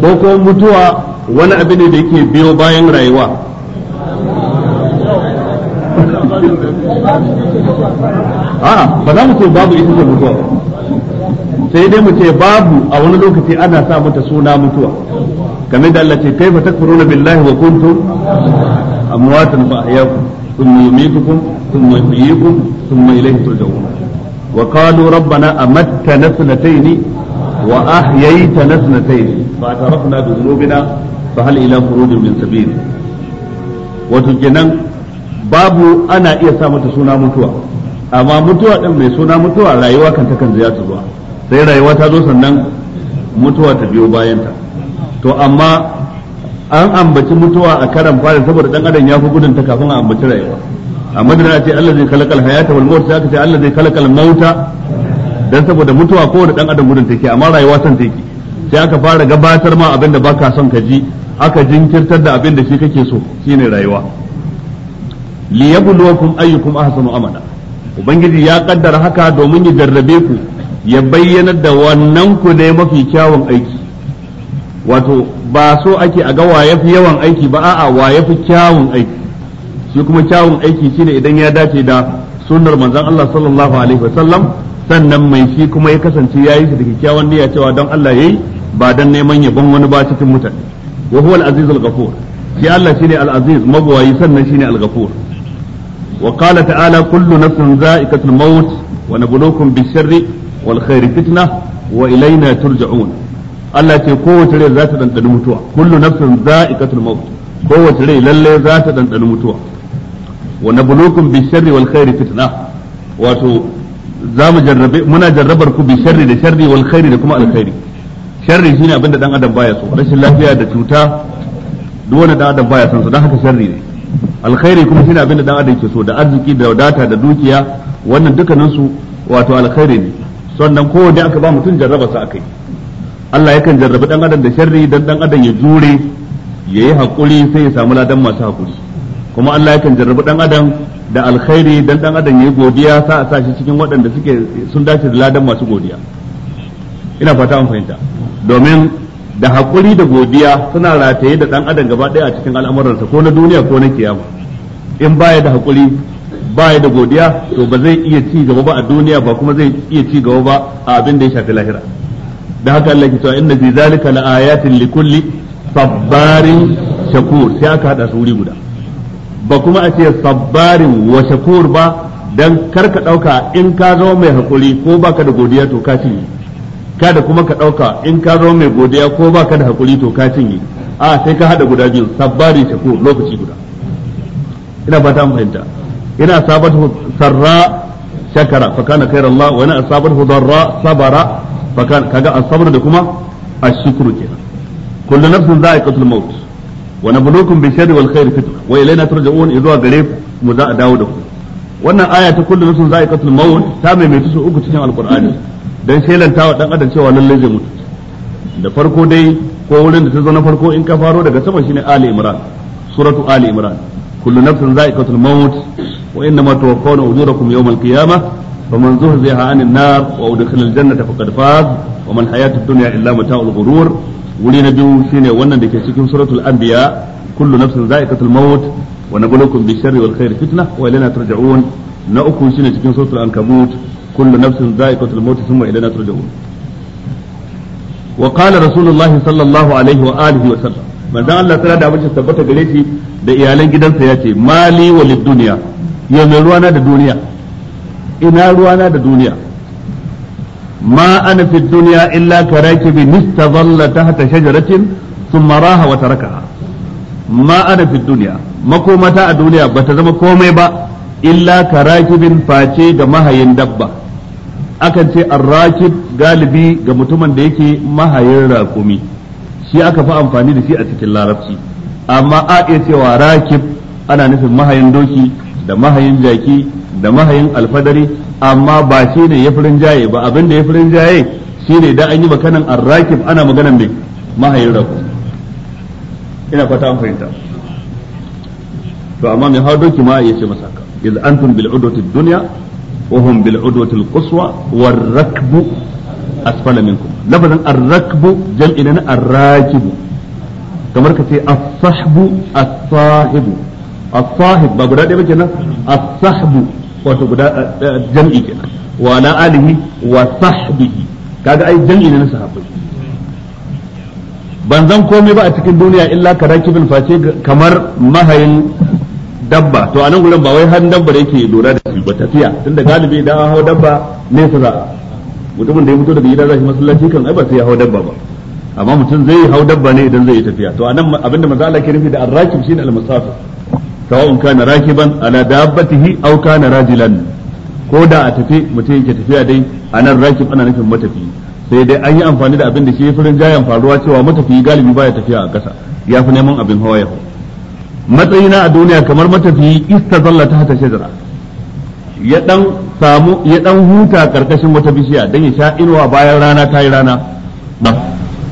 ko ko mutuwa wani abu ne da yake biyo bayan rayuwa a'a ah, ba za mu ce babu ita ce mutuwa sai dai mu ce babu a wani lokaci ana sa mata suna mutuwa kamar da Allah ce kaifa takfuruna billahi wa kuntum amwatan fa ahyakum thumma yumitukum thumma yuhyikum thumma ilayhi turja'un wa qalu rabbana amattana sanataini wa ahyaytana sanataini fa tarafna bi dhunubina fa hal ila khurujin min sabil wato kenan babu ana iya sa mata suna mutuwa amma mutuwa din mai suna mutuwa rayuwa kan takan ziya ta zuwa sai rayuwa ta zo sannan mutuwa ta biyo bayanta to amma an ambaci mutuwa a karan fara saboda dan adam ya fi gudun ta kafin a ambaci rayuwa amma da ce Allah zai kalakal hayata wal maut sai ce Allah zai kalakal mauta dan saboda mutuwa kowane dan adam gudun take amma rayuwa san take sai aka fara gabatar ma abin da baka son ka ji aka jinkirtar da abin da shi kake so shine rayuwa liyabluwakum ayyukum ahsanu amala ubangiji ya kaddara haka domin ya jarrabe ku ya bayyana da wannan ku ne mafi kyawun aiki wato ba so ake a ga wa yafi yawan aiki ba a'a wa yafi kyawun aiki shi kuma kyawun aiki shine idan ya dace da sunnar manzon Allah sallallahu alaihi wasallam sannan mai shi kuma ya kasance yayi shi da kyakkyawan niyya cewa don Allah yayi ba dan neman yabon wani ba cikin mutane wa huwa al ghafur shi Allah shine al-aziz magwayi sannan shine al-ghafur وقال تعالى كل نفس ذائقة الموت ونبلوكم بالشر والخير فتنة وإلينا ترجعون Allah ce kowace rai za ta ɗanɗani mutuwa kullu nafsin za'iqatul maut kowace rai lalle za ta ɗanɗani mutuwa wa fitna wato jarrabe muna jarrabar ku bi sharri da sharri wal khairi da kuma alkhairi sharri shine abinda dan adam baya so rashin lafiya da cuta duk dan adam baya son su dan haka sharri ne alkhairi kuma shine abin da dan adam ke so da arziki da wadata da dukiya wannan dukkanin su wato alkhairi ne sannan kowanne aka ba mutum jarraba sa akai Allah yakan jarrabi dan adam da sharri dan dan adam ya jure yayi hakuri sai ya samu ladan masu hakuri kuma Allah yakan jarrabi dan adam da alkhairi dan dan adam yayi godiya sa a sa shi cikin waɗanda suke sun dace da ladan masu godiya ina fata an fahimta domin da hakuri da godiya suna rataye da ɗan adam gaba ɗaya a cikin al'amuransa ko na duniya ko na kiyama in baya da hakuri baya da godiya to ba zai iya ci gaba ba a duniya ba kuma zai iya ci gaba ba a abin da ya shafi lahira da haka Allah ke cewa inna fi zalika laayatin kulli sabbarin shakur sai aka hada su wuri guda ba kuma a ce sabbarin wa shakur ba dan karka dauka in ka zama mai hakuri ko baka da godiya to ka ci kada kuma ka ɗauka in ka zo mai godiya ko ba ka da hakuri to ka cinye a sai ka haɗa guda biyu sabbari ta ko lokaci guda ina fata an fahimta ina sabatu sarra shakara fa kana khairu Allah wa ina asabatu darra sabara fa kana kaga asabru da kuma ashkuru kenan kullu nafsin za'iqatul maut wa nabluukum bi sharri wal khairi fitna wa ilayna turja'un idza gare mu za a dawo da ku wannan aya ta kullu nafsin za'iqatul maut ta mai mai tusu uku cikin alqur'ani dan shelanta wa dan adam cewa lallai zai mutu da farko dai ko wurin da ta zo na farko in ka faro daga sama shine Ali Imran suratu Ali Imran kullu nafsin za'iqatul maut wa innama tuwaffawna ujurakum yawmal qiyamah faman zuhziha 'anil nar wa udkhilal jannata faqad faz wa man hayatud dunya illa mata'ul ghurur wuri na biyu shine wannan da ke cikin suratul anbiya kullu nafsin za'iqatul maut wa nabluukum bish-sharri wal wa ilayna turja'un na uku shine cikin suratul ankabut kullu nafsin za'iqatul maut thumma ilayna turja'un wa qala rasulullahi sallallahu alaihi wa alihi wa sallam manzon Allah tsara da tabbata gare shi da iyalan gidansa ya ce mali wa lidduniya yau mai ruwana da duniya ina ruwana da duniya ma ana duniya illa karakibi nistazalla tahta shajaratin thumma raha wa tarakaha ma ana fi duniya makomata a duniya bata zama komai ba illa karakibin face da mahayin dabba akan ce arrakib galibi ga mutumin da yake mahayin raƙumi shi aka fi amfani da shi a cikin larabci amma a iya cewa rakib ana nufin mahayin doki da mahayin jaki da mahayin alfadari amma ba shi ne ya firin jaye ba abin da ya firin jaye shi ne da an yi makanan arrakib ana maganan mai mahayin raƙumi ina fata an fahimta to amma mai hawa doki ma ya ce masa ka iz antum bil udwati dunya وهم بالعدوة القصوى والركب أسفل منكم لفظا الركب جمع لنا الراكب كما الصحب الصاحب الصاحب ما قد أدب الصحب جمع جمعي وعلى آله وصحبه كذا أي جمع لنا صحابه ban zan komai ba a cikin duniya illa ka rakibin face kamar mahayin dabba to a nan gurin ba wai har dabba da yake lura da shi ba tafiya tunda galibi idan an hau dabba nesa za mutumin da ya fito daga gida zai masallaci kan ai ba sai ya hau dabba ba amma mutum zai hau dabba ne idan zai yi tafiya to anan abinda manzo Allah ke nufi da arrakib shine al-musafir sawa'un kana rakiban ala dabbatihi aw kana rajilan ko da a tafi mutum yake tafiya dai anan rakib ana nufin matafi sai dai an yi amfani da abin da shi furin jayan faruwa cewa matafi galibi baya tafiya a ƙasa ya fi neman abin hawa ya hau matsayina a duniya kamar matafiyi zalla ta hata shajara ya dan samu ya dan huta karkashin wata bishiya dan ya sha inuwa bayan rana ta yi rana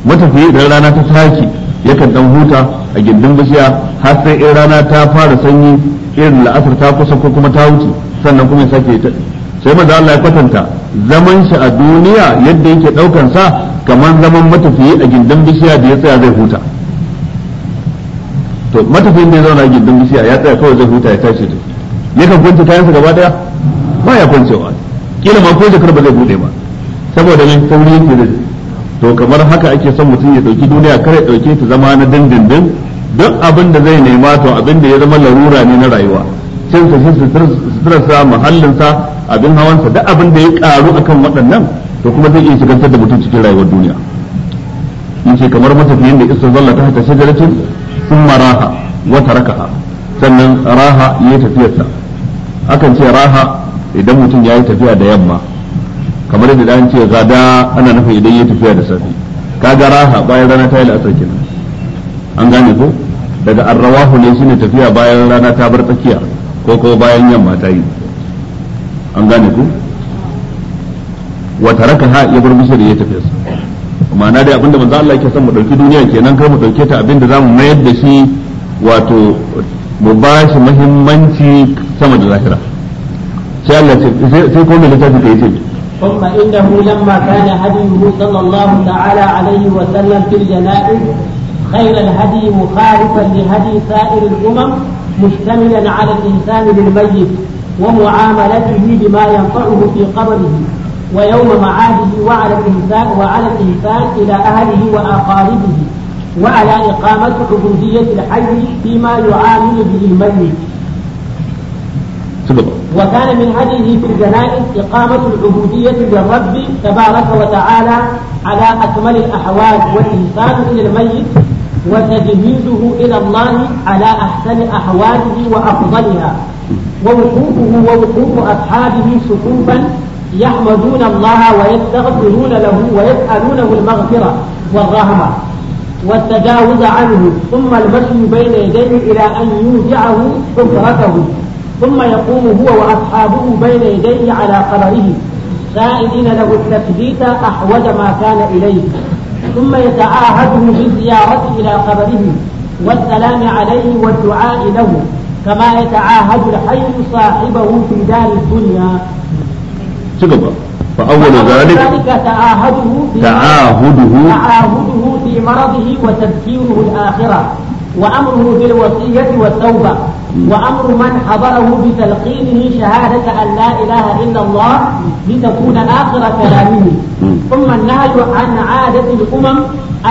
matafiyi idan rana ta take yakan dan huta a gindin bishiya har sai in rana ta fara sanyi irin la'asar ta kusa ko kuma ta wuce sannan kuma ya sake ta sai manzo Allah ya kwatanta zaman shi a duniya yadda yake daukar sa kamar zaman matafiyi a gindin bishiya da ya tsaya zai huta to matafiyin da ya zauna gindin bishiya ya tsaya kawai zai huta ya tashi da yakan kwance kayansa gaba daya ba ya kwancewa kila ma ko jakar ba zai bude ba saboda mai sauri yake da to kamar haka ake son mutum ya dauki duniya kare dauke ta zama na dindindin duk abin da zai nema to abin da ya zama larura ne na rayuwa cin sa shi sa muhallinsa abin hawansa duk abin da ya karu akan waɗannan to kuma zai iya shigantar da mutum cikin rayuwar duniya in ce kamar matafiyin da isa zalla ta haka shajaratin thumma raha wa tarakaha sannan raha yayi tafiyarsa akan ce raha idan mutum ya yi tafiya da yamma kamar yadda an ce gada ana nufin idan ya tafiya da safi kaga raha bayan rana ta yi la'asar kenan an gane ko daga arrawahu ne shine tafiya bayan rana ta bar tsakiya ko ko bayan yamma ta yi an gane ko wa taraka ha ya bar da ya tafi ma'ana dai abinda manzo Allah yake son mu dauki duniya kenan kai mu dauke ta abinda zamu mayar da shi wato mu ba shi muhimmanci sama da lahira sai Allah sai ko mai littafi kai ce ثم إنه لما كان هديه صلى الله تعالى عليه وسلم في الجنائز خير الهدي مخالفا لهدي سائر الأمم مشتملا على الإنسان للميت ومعاملته بما ينفعه في قبره ويوم معاده وعلى الإنسان وعلى الإنسان إلى أهله وأقاربه وعلى إقامة عبودية الحي فيما يعامل به الميت وكان من هديه في الجنائز إقامة العبودية للرب تبارك وتعالى على أكمل الأحوال والإنسان إلى الميت وتجهيده إلى الله على أحسن أحواله وأفضلها ووقوفه ووقوف أصحابه صفوفا يحمدون الله ويستغفرون له ويسألونه المغفرة والرحمة والتجاوز عنه ثم المشي بين يديه إلى أن يوجعه حفرته ثم يقوم هو وأصحابه بين يديه على قبره سائلين له التثبيت أحوج ما كان إليه ثم يتعاهده بالزيارة إلى قبره والسلام عليه والدعاء له كما يتعاهد الحي صاحبه في دار الدنيا ci فأول ذلك تعاهده تعاهده تعاهده في مرضه وتذكيره الآخرة وأمره بالوصية والتوبة وأمر من حضره بتلقينه شهادة أن لا إله إلا الله لتكون آخر كلامه ثم النهي عن عادة الأمم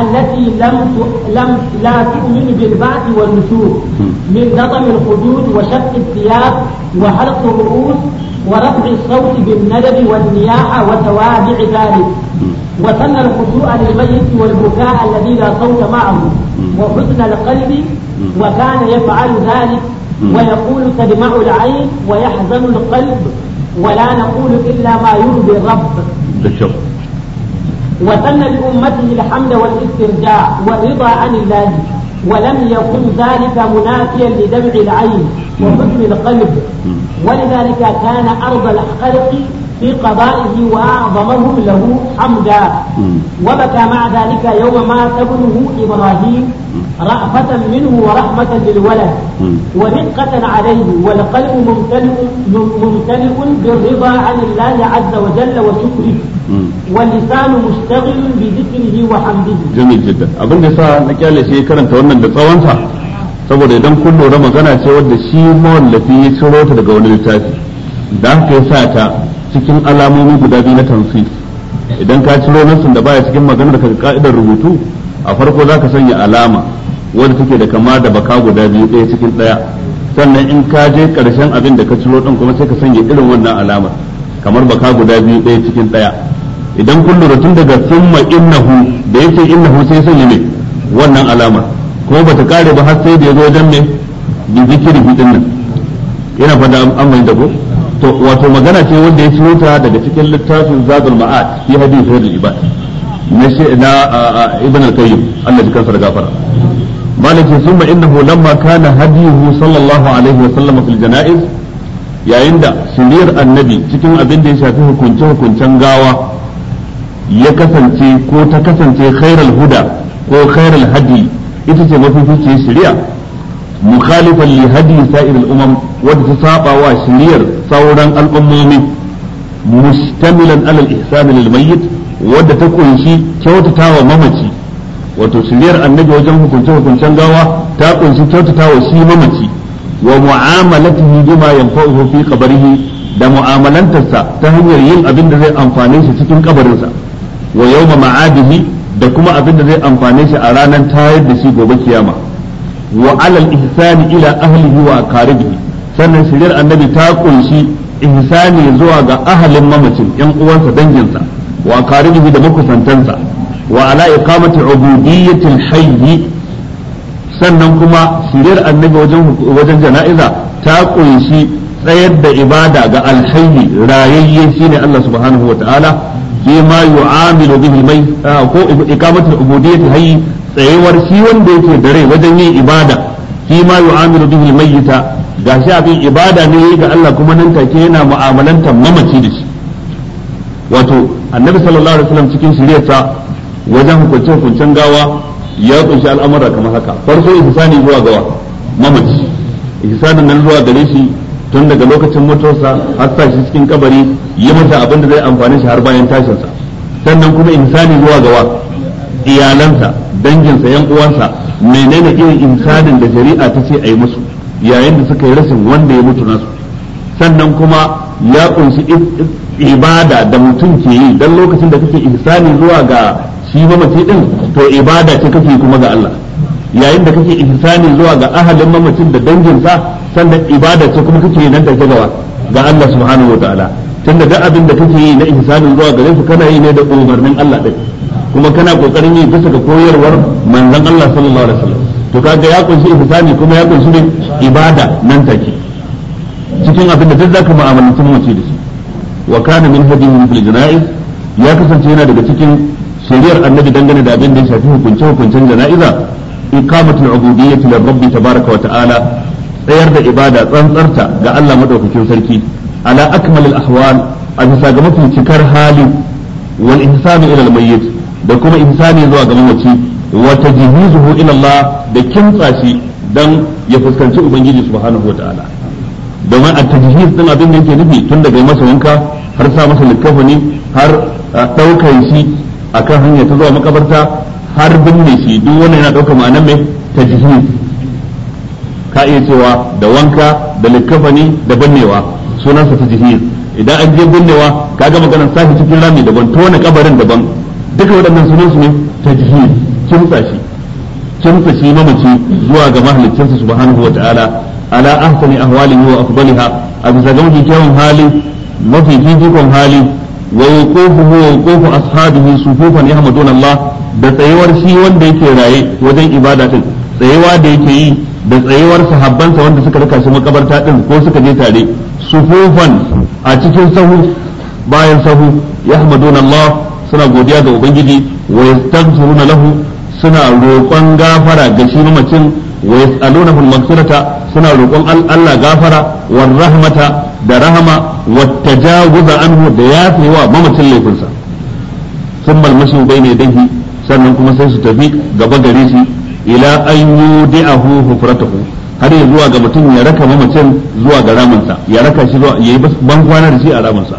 التي لم لم لا تؤمن بالبعث والنشور من نظم الخدود وشق الثياب وحلق الرؤوس ورفع الصوت بالندب والنياحة وتوابع ذلك وسن الخشوع للميت والبكاء الذي لا صوت معه وحزن القلب وكان يفعل ذلك ويقول تدمع العين ويحزن القلب ولا نقول إلا ما يرضي الرب وسن لأمته الحمد والاسترجاع والرضا عن الله ولم يكن ذلك منافيا لدمع العين وحكم القلب ولذلك كان أرض الخلق في قضائه وأعظمهم له حمدا وبكى مع ذلك يوم مات ابنه إبراهيم رأفة منه ورحمة للولد ورقة عليه والقلب ممتلئ ممتلئ بالرضا عن الله عز وجل وشكره واللسان مشتغل بذكره وحمده جميل جدا أظن نساء نكالي شيء كرمت ومن بصوانها saboda idan kun lura magana ce wadda shi mawallafi ya ciro ta daga wani littafi da haka ya sa ta cikin alamomi guda biyu na tansi idan ka ciro nassin da baya cikin maganar ka ka'idar rubutu a farko za ka sanya alama wadda take da kama da baka guda biyu ɗaya cikin ɗaya sannan in ka je ƙarshen abin da ka ciro ɗin kuma sai ka sanya irin wannan alama kamar baka guda biyu ɗaya cikin ɗaya idan kun lura tun daga summa innahu da yake innahu sai sanya ne wannan alama ko ba ta kare ba har sai da ya zo wajen me bi zikiri hidin nan yana fada an mai da ko to wato magana ce wanda ya ciro ta daga cikin littafin zadul ma'ad fi hadith hadith ibad na na ibn al-qayyim Allah ya kansa da gafara malik summa innahu lamma kana hadiyuhu sallallahu alaihi wa sallam fil janaiz yayin da shiriyar annabi cikin abin da ya shafi hukunce hukuncen gawa ya kasance ko ta kasance khairul huda ko khairul hadi ita ce mafificiyar shari'a mukhalifan li hadi sa'ir al-umam wadda ta saba wa shiriyar sauran al'ummomi mustamilan alal ihsan lil wadda ta kunshi wa mamaci wato shiriyar annabi wajen hukunce hukuncen gawa ta kunshi kyautatawa shi mamaci wa mu'amalatihi bima yanfa'uhu fi qabrihi da mu'amalantarsa ta hanyar yin abin da zai amfane shi cikin kabarinsa wa yawma ma'adihi da kuma abin da zai amfane shi a ranar tayar da shi gobe kiyama wa alal ihsani ila ahlihi wa qaribihi sannan shiriyar annabi ta kunshi ihsani zuwa ga ahalin mamacin yan uwansa danginsa wa karibihi da makusantansa wa ala iqamati ubudiyyatil hayy sannan kuma shiriyar annabi wajen wajen jana'iza ta kunshi tsayar da ibada ga alhayyi rayayye shine Allah subhanahu wa ta'ala bima yu'amilu bihi mai ko iqamati ubudiyyatil hayy tsayewar shi wanda yake da rai wajen yin ibada bima yu'amilu bihi mayyita Ga shi abin ibada ne ga Allah kuma nan take yana mu'amalanta mamaci da shi wato annabi sallallahu alaihi wasallam cikin shiriyarsa wajen hukuncin hukuncen gawa ya kunshi al'amura kamar haka farko ihsani zuwa gawa mamaci ihsanin nan zuwa gare shi tun daga lokacin mutuwarsa har sa shi cikin kabari yi masa abin da zai amfani shi har bayan tashin tashinsa sannan kuma ihsani zuwa gawa iyalansa danginsa yan uwansa menene irin ihsanin da shari'a ta ce a yi musu yayin da suka yi rashin wanda ya mutu nasu sannan kuma ya kunshi ibada da mutum ke yi dan lokacin da kake ihsani zuwa ga shi mamaci din to ibada ce kake kuma ga Allah yayin da kake ihsani zuwa ga ahalin mamacin da danginsa sannan ibada ce kuma kake nan take gawa ga Allah subhanahu wa ta'ala tunda duk abin da kake yi na ihsani zuwa gare su kana yi ne da umarnin Allah din kuma kana kokarin yi bisa ga koyarwar manzon Allah sallallahu alaihi wasallam to kaga ya kunshi ihsani kuma ya kunshi ne ibada nan take cikin abin da duk zaka mu'amalanci mace da su wa kana min hadin fil janaiz ya kasance yana daga cikin shari'ar annabi dangane da abin da ya shafi hukunce hukuncen jana'iza iqamatul ubudiyyati ta baraka wa ta'ala tsayar da ibada tsantsarta ga Allah madaukakin sarki ala akmalil ahwal a bisa ga mafi cikar hali wal ihsanu ila al mayyit da kuma ihsani zuwa ga mamaci wata tajhizuhu ila Allah da kimtsa dan ya fuskanci ubangiji subhanahu wataala domin a tajhiz din abin da yake nufi tun daga masa wanka har sa masa likafani har daukan shi akan hanya ta zuwa makabarta har binne shi duk wannan yana daukar ma'anar mai tajhiz ka iya cewa da wanka da likafani da bannewa sunansa tajhiz idan an je binnewa kaga maganar sashi cikin rami daban tona kabarin daban duka waɗannan sunan su ne tajhiz kimsa shi kimsa shi mamaci zuwa ga mahalicinsa subhanahu wa ta'ala ala ahsani ahwalihi wa afdaliha a bisa ga mafi kyawun hali mafi fifikon hali wa yuqufuhu wa yuqufu ashabihi sufufan yahmaduna Allah da tsayuwar shi wanda yake raye wajen ibada din tsayuwa da yake yi da tsayuwar sahabbansa wanda suka raka shi makabarta din ko suka je tare sufufan a cikin sahu bayan sahu yahmaduna Allah suna godiya ga ubangiji wa yastaghfiruna lahu suna roƙon gafara ga shi mamacin wa yas'alunahu al-maghfirata suna roƙon Allah gafara wa rahmata da rahama wa tajawuza anhu da yafewa mamacin laifinsa sun malmashi bai ne dahi sannan kuma sai su tafi gaba gare shi ila an di'ahu hufratuhu har ya zuwa ga mutum ya raka mamacin zuwa ga ramansa ya raka shi zuwa yayi ban kwana da shi a ramansa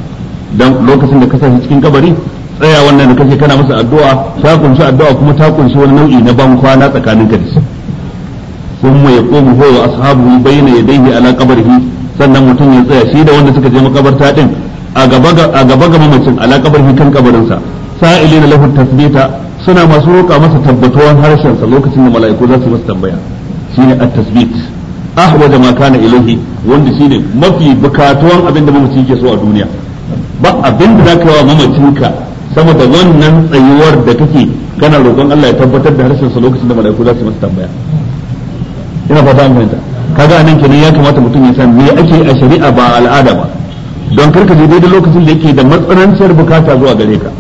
dan lokacin da ka cikin kabari tsaya wannan da kake kana masa addu'a ta kunshi addu'a kuma ta kunshi wani nau'i na ban kwana tsakanin ka da shi sun ya komu ho wa ashabu bayyana yadayhi ala qabrihi sannan mutum ya tsaya shi da wanda suka je makabarta din a gaba ga mamacin ala qabrihi kan kabarinsa sa'ilina lahu tasbita suna masu roƙa masa tabbatuwan harshen sa lokacin da mala'iku za su masa tambaya shine at-tasbit ahwa ma kana ilahi wanda shine mafi bukatuwan abinda mamaci yake so a duniya ba abinda zaka yi wa mamacinka saboda wannan tsayuwar da take kana roƙon Allah ya tabbatar da harshen sa lokacin da mala'iku za su masa tambaya ina fata an fahimta kaga nan kenan ya kamata mutum ya san me ake a shari'a ba al'ada ba don karka je daidai lokacin da yake da matsananciyar bukata zuwa gare ka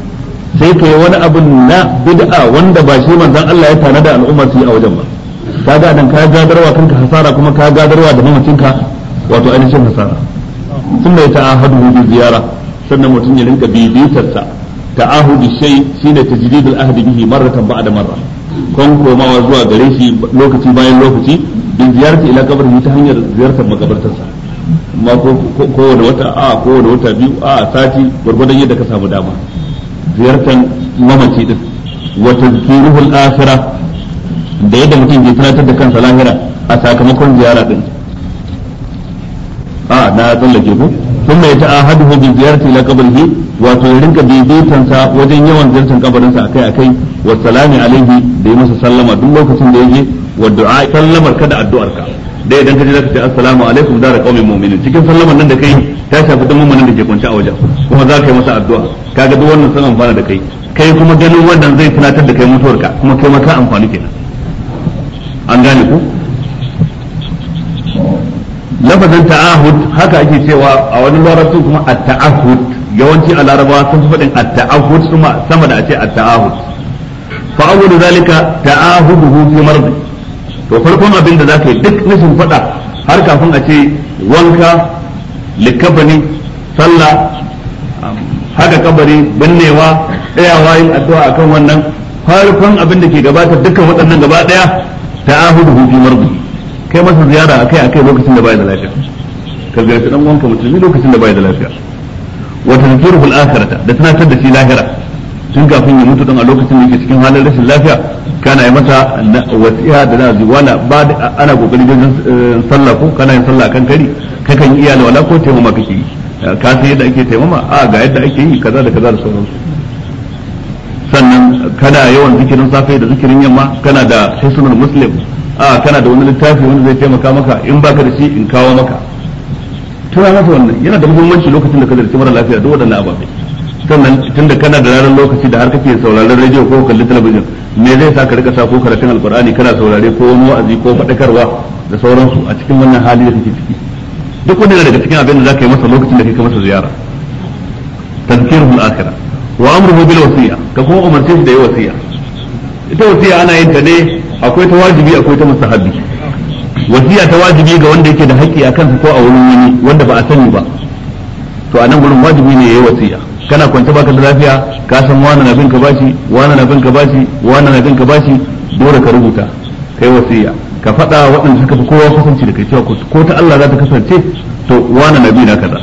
sai ka yi wani abin na bid'a wanda ba shi manzon Allah ya tanada al'umma su yi a wajen ba kaga nan ka gadarwa kanka hasara kuma ka gadarwa da ka wato ainihin hasara sun da ya ta'ahadu hudu ziyara sannan mutum ya rinka bibitarsa ta'ahudi shay shine tajdid al-ahd bihi marratan ba'da marra kon komawa zuwa gare shi lokaci bayan lokaci bin ziyarta ila kabarin ta hanyar ziyartar makabartarsa amma kowane wata a kowane wata biyu a sati gwargwadon yadda ka samu dama ziyartar mamaci din wa tazkiruhu al-akhirah da yadda mutum ke tunatar da kansa lahira a sakamakon ziyara a na tsallake ku sun mai ta ahaduhu bi ziyarati ila qabrihi wato ya rinka bibitan sa wajen yawan ziyartar a sa akai akai wa salami alaihi da yi masa sallama duk lokacin da je wa du'a sallamar ka da addu'ar ka dai idan ka ji zaka ce assalamu alaikum da qaumin mu'minin cikin sallamar nan da kai ta shafi dukkan mu'minin da ke kwance a wajen kuma za ka yi masa addu'a kaga duk wannan sun amfana da kai kai kuma ganin wannan zai tunatar da kai mutuwarka kuma kai ma ka amfani kenan an gane ku lafazin ta'ahud haka ake cewa a wani larabcin kuma a taahud yawanci a larabawa sun fi faɗin a taahud kuma sama da a ce a taahud fa da zalika ta'ahuduhu fi marzi to farkon abin da zaka yi duk nufin faɗa har kafin a ce wanka likabani sallah haka kabari binnewa tsayawa yin addu'a akan wannan farkon abin da ke gabata dukkan waɗannan gaba ɗaya ta'ahud ta'ahuduhu fi marzi kai masa ziyara akai akai lokacin da bai da lafiya ka ziyarci dan uwanka musulmi lokacin da bai da lafiya wa tadhkiruhu al-akhirata da tunatar da shi lahira tun kafin ya mutu dan a lokacin da yake cikin halin rashin lafiya kana yi masa wasiya da na wala ba ana kokarin jin eh, sallah ko kana yin sallah kan kari kakan yi iyalwa wala ko taimama kake yi ka san yadda ake taimama a ga yadda ake yi kaza da kaza da sauransu sannan kana yawan zikirin safe da zikirin yamma kana da hisunan muslim a kana da wani littafi wanda zai taimaka maka in baka da shi in kawo maka tana masa wannan yana da muhimmanci lokacin da ka zarci mara lafiya duk waɗannan ababai sannan tunda kana da ranar lokaci da har kake sauraron rediyo ko kalli talabijin me zai sa ka rika sa ko karatun alkur'ani kana saurare ko wani wa'azi ko faɗakarwa da sauransu a cikin wannan hali da kake ciki duk wanda daga cikin abin da zaka yi masa lokacin da kake masa ziyara tazkirul akhira wa amruhu bil wasiya ka kuma umarce shi da yi wasiya ita wasiya ana yin ta ne akwai ta wajibi akwai ta mustahabbi wasiya ta wajibi ga wanda yake da haƙƙi a kansa ko a wurin wani wanda ba a sani ba to a nan gurin wajibi ne yayi wasiya kana kwance baka da lafiya ka san wani na bin ka bashi wani na bin ka bashi wani na bin ka bashi dole ka rubuta kai wasiya ka faɗa waɗanda suka fi kowa kusanci da kai cewa ko ta Allah za ta kasance to wani na bi na kaza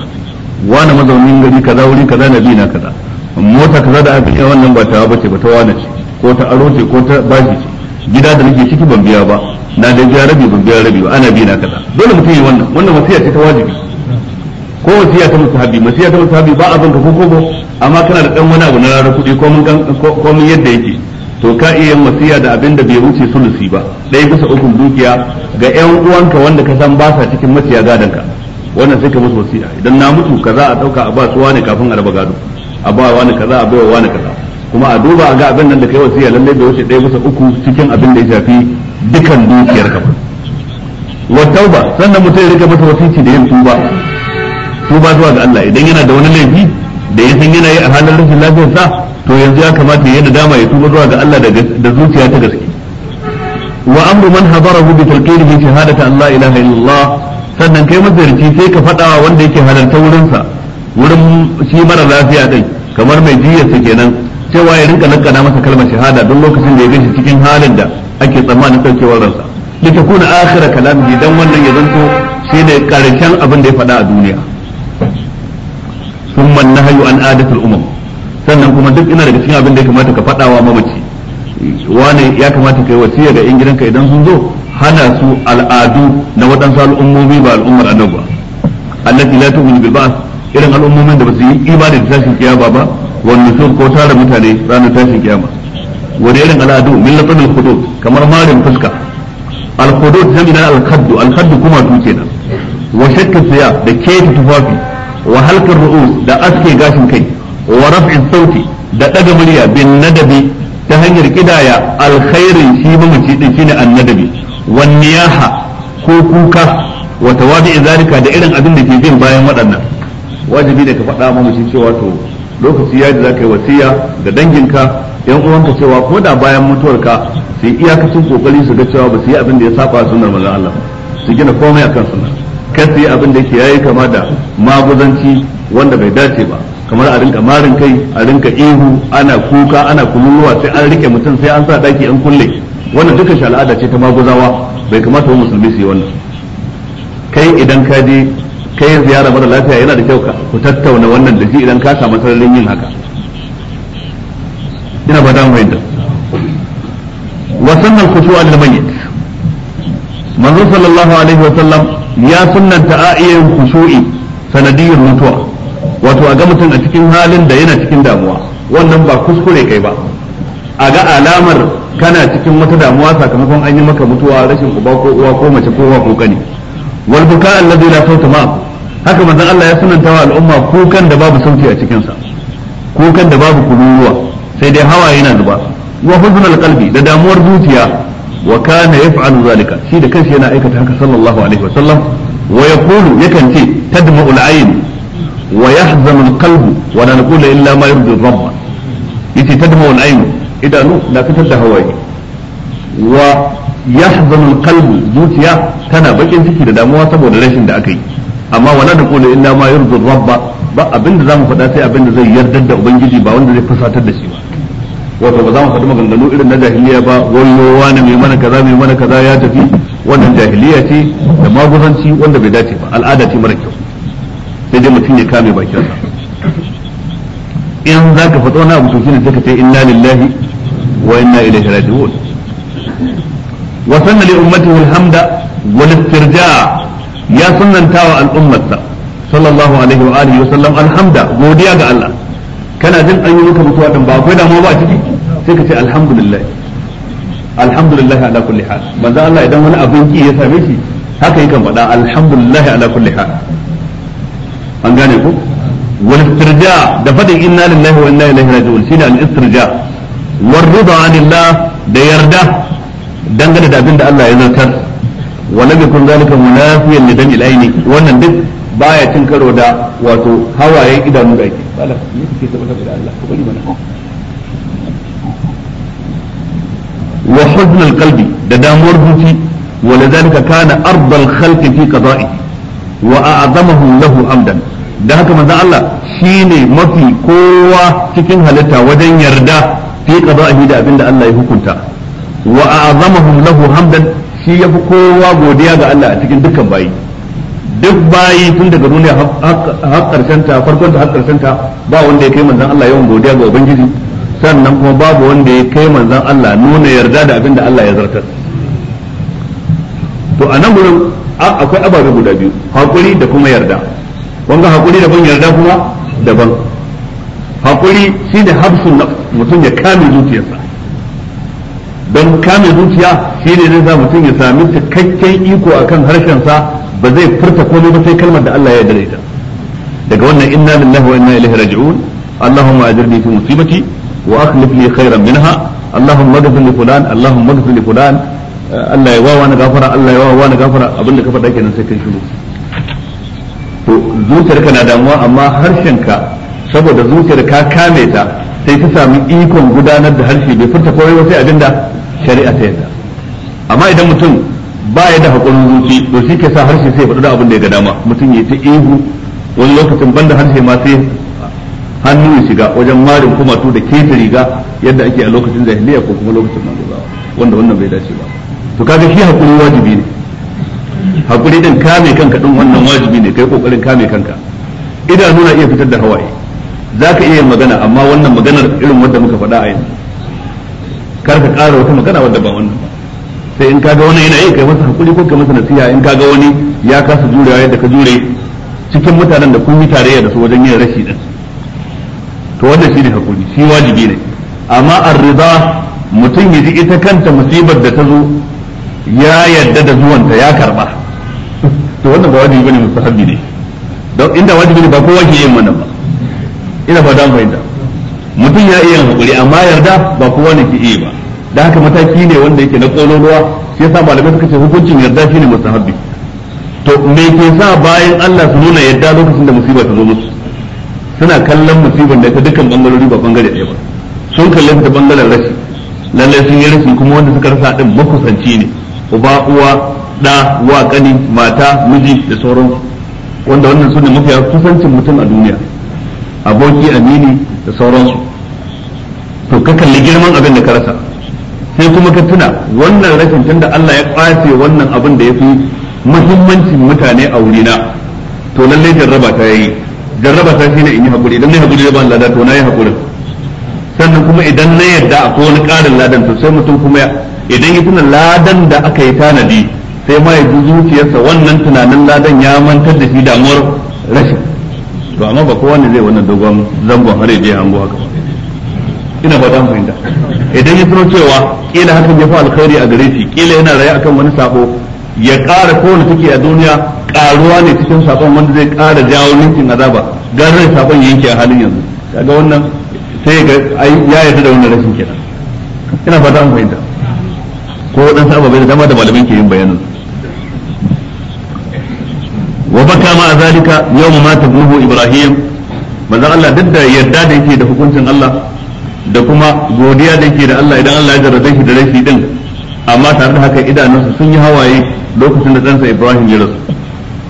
wani mazaunin gari kaza wuri kaza na bi na kaza mota kaza da aka yi wannan ba ta ce ba ta wani ce ko ta aro ce ko ta bashi ce gida da nake ciki ban biya ba na da biya rabi ban biya rabi ba ana bi na kaza dole mutum yi wannan wannan wasiya ce ta wajibi ko wasiya ta musahabi wasiya ta musahabi ba abin ka ko ko amma kana da dan wani abu na rarar kuɗi ko mun ko mun yadda yake to ka iya yin wasiya da abin da bai wuce sulusi ba ɗaya bisa ukun dukiya ga ƴan uwanka wanda ka san ba sa cikin maciya gadon ka wannan sai ka musu wasiya idan na mutu kaza a dauka a ba su wani kafin a raba gado a ba wani kaza a bai wani kaza kuma a duba a ga abin nan da kai wasiya lallai bai wuce ɗaya bisa uku cikin abin da ya shafi dukan dukiyar ka wa tauba sannan mutum ya rika masa wasici da yin tuba tuba zuwa ga Allah idan yana da wani laifi da ya san yana yi a halin rashin lafiyar sa to yanzu ya kamata ya yi dama ya tuba zuwa ga Allah da zuciya ta gaske wa amru man hadarahu bi talqinihi shahadata an la ilaha illallah sannan kai mazarci sai ka fada wanda yake halarta wurin sa wurin shi mara lafiya dai kamar mai jiyarsa kenan cewa ya rinka na masa kalmar shahada don lokacin da ya gashi cikin halin da ake tsammanin saukewar ransa duka kuna akira kalamihi dan wannan ya zanto shi da karshen abin da ya faɗa a duniya sun man na nahyu an adatul umam sannan kuma duk ina daga cikin abin da ya kamata ka faɗawa mamaci wane ya kamata ka yi wasiya ga yan gidanka idan sun zo hana su al'adu na waɗansu al'ummomi ba al'ummar annabi ba allati la tu'minu bil ba'th irin al'ummomin da ba su yi imani da tashin kiyama ba wannan sun ko tara mutane ranar tashin kiyama wani irin al'adu millatan al-hudud kamar marin fuska al-hudud jami'an al-khaddu al-khaddu kuma tu kenan wa shakka siya da kefi tufafi wa halkar da aske gashin kai wa raf'in sauti da daga murya bin nadabi ta hanyar kidaya alkhairin shi mace din shine annadabi wan niyaha ko kuka wa tawadi zalika da irin abin da ke bin bayan waɗannan wajibi da ka faɗa mamaci cewa to lokaci ya da zaka yi wasiya ga danginka yan uwanka cewa ko da bayan mutuwarka su yi iyakacin kokari su ga cewa ba su yi abin da ya saba sunan manzon Allah su gina komai akan sunna kar su yi abin da yake yayi kama da maguzanci wanda bai dace ba kamar a rinka marin kai a rinka ihu ana kuka ana kululuwa sai an rike mutum sai an sa daki an kulle wannan dukkan shi al'ada ce ta maguzawa bai kamata wa musulmi su yi wannan kai idan ka je kai ziyara mara lafiya yana da kyau ka ku tattauna wannan da ji idan ka samu sararin yin haka ina ba da mai da wa sunnal khushu'a lil mayyit manzo sallallahu alaihi wa sallam ya sunnanta a'iyin khushu'i sanadiyyar mutuwa wato a ga mutum a cikin halin da yana cikin damuwa wannan ba kuskure kai ba a ga alamar kana cikin wata damuwa sakamakon an yi maka mutuwa rashin uba ko uwa ko mace ko wa ko kani wal buka alladhi la fawta ma haka manzon Allah ya sunanta wa al'umma kukan da babu sauti a cikin sa kukan da babu kururuwa sai dai hawaye na zuba wa huzn qalbi da damuwar zuciya wa kana yaf'alu zalika shi da kansa yana aikata haka sallallahu alaihi wasallam wa yaqulu yakan ce tadma'ul ayn wa yahzanu alqalbu wa la naqulu illa ma yurdi rabb yace tadma'ul ayn idanu na fitar da hawaye wa yahzanu alqalbu zuciya tana bakin ciki da damuwa saboda rashin da aka yi amma wala da qulu illa ma yurdu rabba ba abinda zamu faɗa sai abinda zai yarda da ubangiji ba wanda zai fasatar da shi ba wato ba za mu faɗi maganganu irin na jahiliya ba wayo wani mai mana kaza mai mana kaza ya tafi wannan jahiliya ce da maguzanci wanda bai dace ba al'ada ce mara kyau sai dai mutum ya kame bakinsa in za ka faɗo na abu to shine sai ka ce inna lillahi wa inna ilaihi raji'un wa sanna li ummatihi alhamda wal istirja' ya wa al'ummarsa sallallahu alaihi wa alihi wa sallam alhamda godiya ga Allah kana jin an yi maka mutuwa din ba akwai damuwa ba a ciki sai ka ce alhamdulillah alhamdulillah ala kulli hal manzo Allah idan wani abin ki ya same shi haka yake faɗa alhamdulillah ala kulli hal an gane ku wal istirja da fadin inna lillahi wa inna ilaihi raji'un shine al istirja war rida anillah da yarda dangane da abin da Allah ya zartar wala bi kun zalika munafiyan lidan ilaini wannan duk baya cin karo da wato hawaye idanu da ake bala me kake tabbatar da Allah ko bari mana wa huzn alqalbi da damuwar zuci wala zalika kana ardal khalqi da haka manzo Allah shine mafi kowa cikin halitta wajen yarda fi qada'ihi da abinda Allah ya hukunta wa a'zamahum lahu hamdan shi ya fi kowa godiya ga Allah a cikin dukkan bayi duk bayi tun daga duniya har karshen ta farkon ta har karshen ta ba wanda ya kai manzon Allah yawan godiya ga ubangiji sannan kuma babu wanda ya kai manzon Allah nuna yarda da abin da Allah ya zartar to a nan gurin akwai ababe guda biyu hakuri da kuma yarda wanga hakuri daban yarda kuma daban hakuri shine habsun nafs mutum ya kame zuciyarsa don kame zuciya shine zai sa mutum ya sami cikakken iko a akan harshensa ba zai furta komai ba sai kalmar da Allah ya dare ta. daga wannan inna lillahi wa inna ilaihi raji'un allahumma ajirni fi musibati wa akhlif li khairan minha allahumma ighfir li fulan allahumma ighfir li fulan uh, Allah ya wawa na gafara Allah ya wawa na gafara abin da ka faɗa kenan sai kai shiru to zuciyarka na damuwa amma harshenka saboda zuciyar ka kame ta sai ta sami ikon gudanar da harshe bai furta komai ba sai abinda shari'a ta yadda amma idan mutum ba ya da haƙurin zuci to shi ke sa harshe sai faɗi da abin da ya ga dama mutum ya ta ihu wani lokacin banda harshe ma sai hannu ya shiga wajen marin kumatu da keta riga yadda ake a lokacin jahiliya ko kuma lokacin manzawa wanda wannan bai dace ba to kaga shi haƙuri wajibi ne haƙuri din kame kanka din wannan wajibi ne kai kokarin kame kanka idanu na iya fitar da hawaye zaka iya magana amma wannan maganar irin wanda muka faɗa a yanzu kar ka ƙara wata magana wadda ba wannan ba sai in kaga wani yana yi kai masa hakuri ko kai masa nasiha in kaga wani ya kasa jurewa yadda ka jure cikin mutanen da kun yi tarayya da su wajen yin rashi din to wannan ne hakuri shi wajibi ne amma ar-rida mutum ya ji ita kanta musibar da ta zo ya yadda da zuwanta ya karba to wannan ba wajibi bane musahabi ne don inda wajibi ne ba kowa ke yin wannan ba ina ba dan fahimta mutum ya iya hakuri amma yarda ba kowa ne ke iya ba da haka mataki ne wanda yake na kololuwa sai yasa malamai suka ce hukuncin yarda shine mustahabbi to me ke sa bayan Allah su nuna yarda lokacin da musiba ta zo musu suna kallon musibar da ta dukkan bangarori ba bangare ɗaya ba sun kalle ta bangaren rashi lalle sun yi rashi kuma wanda suka rasa din makusanci ne uba uwa da wa kani mata miji da sauran wanda wannan sune mafiya kusancin mutum a duniya aboki amini da sauransu to ka kalli girman abin da ka rasa sai kuma ka tuna wannan rashin tunda Allah ya kwace wannan abin da ya fi muhimmancin mutane a wurina to lalle jarraba ta yayi jarraba ta shine in yi hakuri idan na yi hakuri da ban lada to na yi hakuri sannan kuma idan na yarda akwai wani karin ladan to sai mutum kuma idan ya tuna ladan da aka yi tanadi sai ma ya ji zuciyarsa wannan tunanin ladan ya mantar da shi damuwar rashin to amma ba kowa ne zai wannan dogon zangon har ya hango haka ina ba dan fahimta idan ya tuno cewa kila hakan ya fa alkhairi a gare shi kila yana raye akan wani sabo ya ƙara wani take a duniya ƙaruwa ne cikin sabon wanda zai ƙara jawo ninkin azaba garin sabon yanke a halin yanzu kaga wannan sai ga ya yarda da wannan rashin kenan ina fata an fahimta ko waɗansu ababai da dama da malamin ke yin bayanin wa baka ma zalika yawma mata buhu ibrahim manzo Allah duk da yadda da yake da hukuncin Allah da kuma godiya da yake da Allah idan Allah ya jarrabe shi da rashi din amma tare da haka idanunsa sun yi hawaye lokacin da ɗansa Ibrahim ya rasu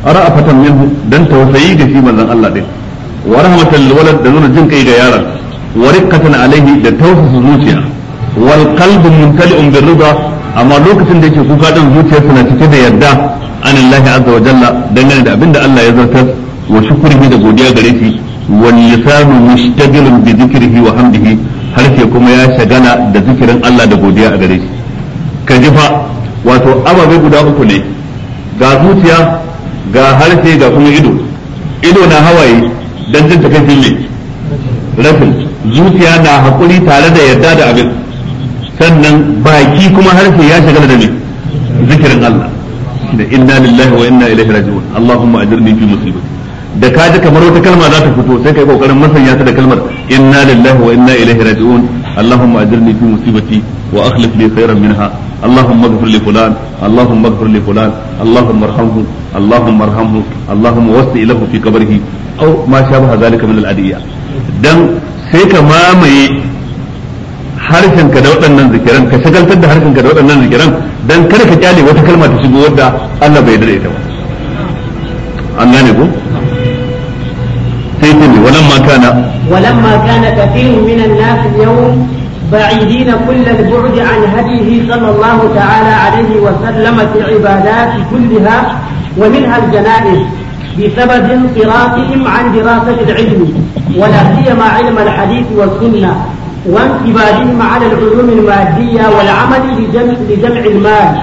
ara'a fatan minhu dan tausayi da shi manzon Allah din wa rahmatan walad da nuna jin kai ga yaron wa riqqatan alaihi da tausasa zuciya wal qalbu mumtali'un bir amma lokacin da yake kuka din zuciyar suna cike da yarda anillahi azza wa jalla dangane da abinda Allah ya zartar wa shukrihi da godiya gare shi wal lisanu mushtagilun bi zikrihi wa hamdihi sai kuma ya shagala da zikirin Allah da godiya a gare shi ka ji fa wato ababe guda uku ne ga zuciya ga harshe ga kuma ido ido na hawaye dan jin takaicin ne rafin zuciya na hakuri tare da yarda da abin sannan baki kuma harshe ya shagala da me zikirin Allah da inna lillahi wa inna ilaihi raji'un allahumma ajirni fi musibati da ka ji kamar wata kalma za ta fito sai kai kokarin masanya ta da kalmar inna lillahi wa inna ilaihi raji'un allahumma ajirni fi musibati wa akhlif li khayran minha اللهم allahumma لفلان اللهم اغفر allahumma. اللهم ارحمه اللهم ارحمه اللهم وسع له في قبره او ما شابه ذلك من الادعيه dan sai ka mamaye ka da waɗannan zikiran ka shagaltar da ka da waɗannan zikiran dan kada ka kyale wata kalma ta shigo wadda Allah bai dade ta ba an gane ko sai ce walamma kana walamma kana kathirun minan nas yawm بعيدين كل البعد عن هديه صلى الله تعالى عليه وسلم في العبادات كلها ومنها الجنائز بسبب انصرافهم عن دراسة العلم ولا سيما علم الحديث والسنة وانتباههم على العلوم المادية والعمل لجمع, لجمع المال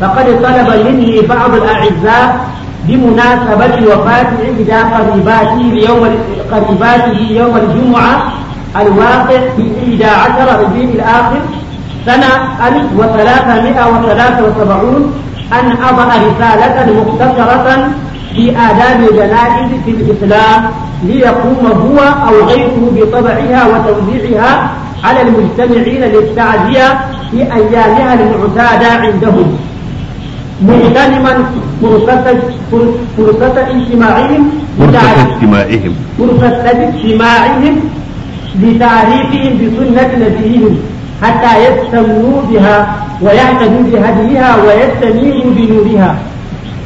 فقد طلب مني بعض الأعزاء بمناسبة الوفاة عند قريباته ليوم قريباته يوم الجمعة الواقع في 11 ربيع الآخر سنة 1373 أن أضع رسالة مختصرة في آداب الجنائز في الإسلام ليقوم هو أو غيره بطبعها وتوزيعها على المجتمعين للتعزية في أيامها المعتادة عندهم مغتنما فرصة فرصة اجتماعهم فرصة اجتماعهم فرصة اجتماعهم لتعريفهم بسنة نبيهم حتى يستمنوا بها ويهتدوا بهديها ويستنيروا بنورها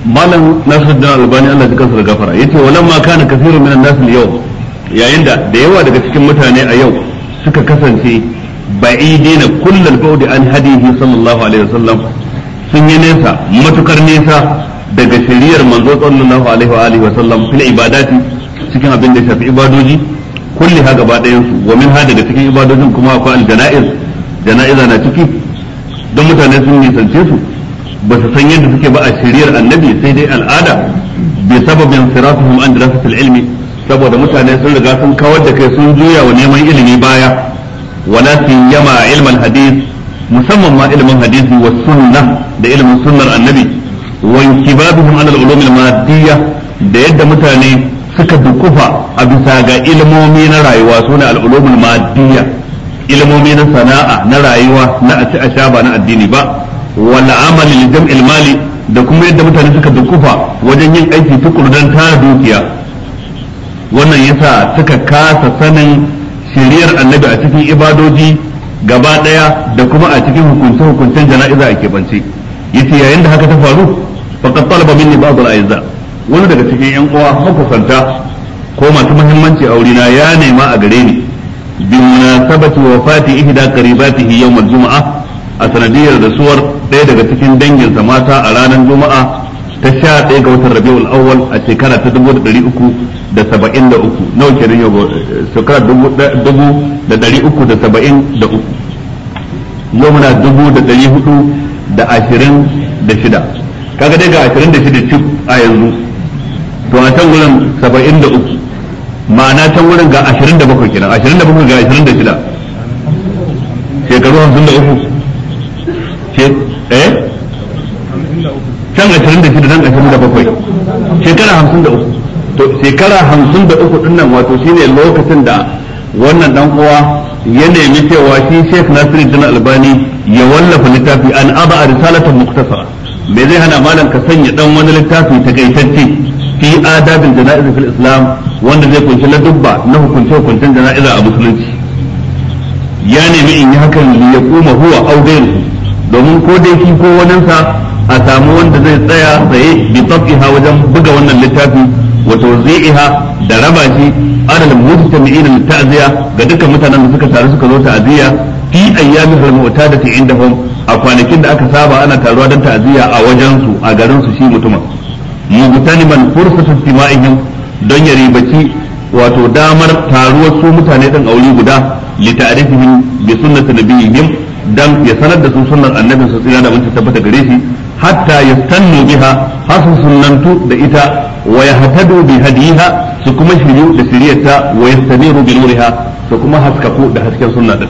malam nasiruddin albani Allah ya kansa da gafara yace walamma kana kathirun minan nas al-yawm yayin da da yawa daga cikin mutane a yau suka kasance ba'idina kullal ba'di an hadihi sallallahu alaihi wasallam sun yi nesa matukar nesa daga shiriyar manzo sallallahu alaihi wa alihi wasallam fil ibadati cikin abin da shafi ibadoji kulli ha gaba ɗayan su wa min ha daga cikin ibadojin kuma akwai al-jana'iz jana'iza na ciki don mutane sun nisance su ba su san yadda suke ba a shiriyar annabi sai dai al'ada bi sababin siratuhum an dirasatil ilmi saboda mutane sun riga sun kawar da kai sun juya wa neman ilimi baya wala yama ilmal hadith musamman ma ilmin hadisi wa sunna da ilmin sunnar annabi wa inkibabuhum ala al-ulum al da yadda mutane suka dukufa a bisa ga ilmomi na rayuwa sune al-ulum al-maddiyya ilmomi na sana'a na rayuwa na a ci a sha ba na addini ba wal amalin li jam'il mali da kuma yadda mutane suka dukufa wajen yin aiki tukuru don tara dukiya wannan yasa suka kasa sanin shiriyar annabi a cikin ibadoji gaba daya da kuma a cikin hukunce hukuncen jana'iza a kebance yace yayin da haka ta faru faqad talaba minni ba'd al-aiza wani daga cikin yan uwa makusanta ko masu muhimmanci a wurina ya nema a gare ni bi munasabati wafati ihda qaribatihi yawm al-jum'ah a sanadiyar suwar ɗaya daga cikin danginsa mata a ranar juma'a ta sha ɗaya ga watan rabiul awwal a shekara ta dubu da ɗari uku da saba'in da uku nawa kenan yau shekara dubu da ɗari uku da saba'in da uku yau muna dubu da ɗari hudu da ashirin da shida kaga dai ga ashirin da shida cif a yanzu to a can wurin saba'in da uku ma'ana can wurin ga ashirin da bakwai kenan ashirin da bakwai ga ashirin da shida shekaru hamsin da uku eh can ashirin da bakwai shekara uku to shekara uku din nan wato shine lokacin da wannan dan uwa ya nemi cewa shi Sheikh Nasiruddin Albani ya wallafa littafi an aba risalatan muktasara me zai hana malam ka sanya dan wani littafi takaitacce fi adabin jana'iz fil islam wanda zai kunshi ladubba na hukunce hukuncin jana'izar a musulunci ya nemi in yi hakan ya kuma huwa aw ghayruhu domin ko dai shi ko waninsa a samu wanda zai tsaya tsaye bi tafiha wajen buga wannan littafi wa tawzi'iha da raba shi adal mujtami'in ta'ziya ga dukkan mutanen da suka taru suka zo ta'ziya fi da al da indahum a kwanakin da aka saba ana taruwa don ta'ziya a wajen su a garin su shi mutuma mujtaniman fursatu istima'ihim don ya ribaci wato damar taruwar su mutane din aure guda li ta'rifihim bi sunnati nabiyihim dan ya sanar da su sunan annabin su tsira da mun tabbata gare shi hatta yastannu biha hasu sunnantu da ita wa yahtadu bi hadiha su kuma shiru da siriyarta wa yastaniru bi nuriha su kuma haskaku da hasken sunna din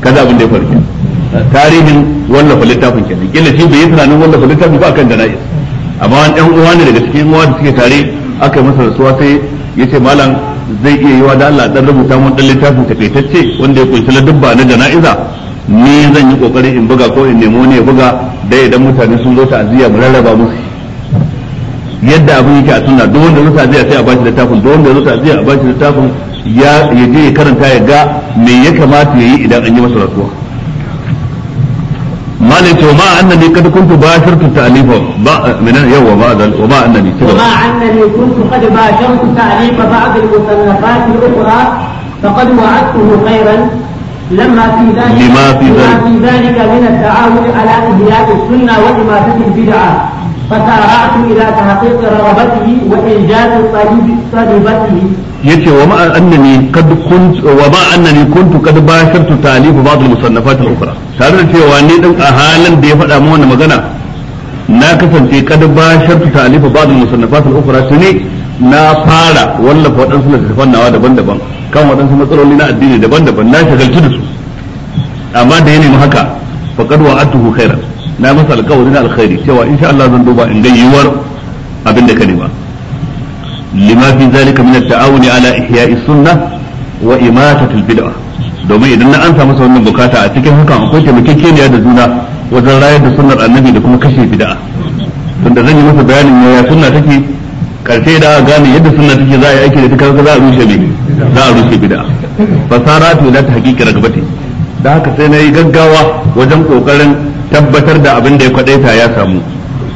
kada abin da ya farke tarihin wallafa littafin kenan kila shi bai yi tunanin wallafa littafin ba kan jana'iz amma an ɗan uwa ne daga cikin uwa da suke tare aka yi masa rasuwa sai ya ce malam zai iya yiwa da Allah dan rubuta mun dan littafin takaitacce wanda ya kunshi ladabba na jana'iza ni zan yi kokari in buga ko in nemo ne buga dai idan mutane sun zo ta'aziyya mu rarraba musu yadda abin yake a sunna don wanda zo ta'aziyya sai a bashi littafin don wanda zo ta'aziyya a bashi littafin ya je ya karanta ya ga me ya kamata yayi idan an yi masa rasuwa malik to ma annani kad kuntu bashirtu ta'lifa ba min yawa ba dal wa ma annani ma annani kuntu qad bashirtu ta'lifa ba'd al-musannafat al-ukhra faqad wa'adtuhu khayran لما في ذلك لما في ذلك, في ذلك من التعاون على إحياء السنة وإماتة البدعة فسارعت إلى تحقيق رغبته وإنجاز طلبته yace wa ma annani kad kunt wa ma annani kuntu kad bashartu ta'lif ba'd al-musannafat al-ukhra tare da cewa ni din a halin da ya faɗa mu wannan magana na kasance kad bashartu ta'lif ba'd al-musannafat al-ukhra tuni na fara wallafa wadansu littafan nawa daban-daban kan waɗansu matsaloli na addini daban-daban na shagaltu da su amma da ya nemi haka faqad wa'atuhu khairan na masa alƙawari na alkhairi cewa insha Allah zan duba in ga yiwuwar abin da ka nema lima fi zalika min at-ta'awuni ala ihya'i sunnah wa imatati al-bid'ah domin idan na ansa samu wannan bukata a cikin hakan akwai taimakekeniya da juna wajen rayar da sunnar annabi da kuma kashe bid'a tunda zan yi masa bayanin yaya sunna take karshe da gane yadda sunna take za a yi aiki da ta za a rushe mai za a rushe bid'a fasara to da ta haqiqa ragbati da haka sai na yi gaggawa wajen kokarin tabbatar da abin da ya kwadaita ya samu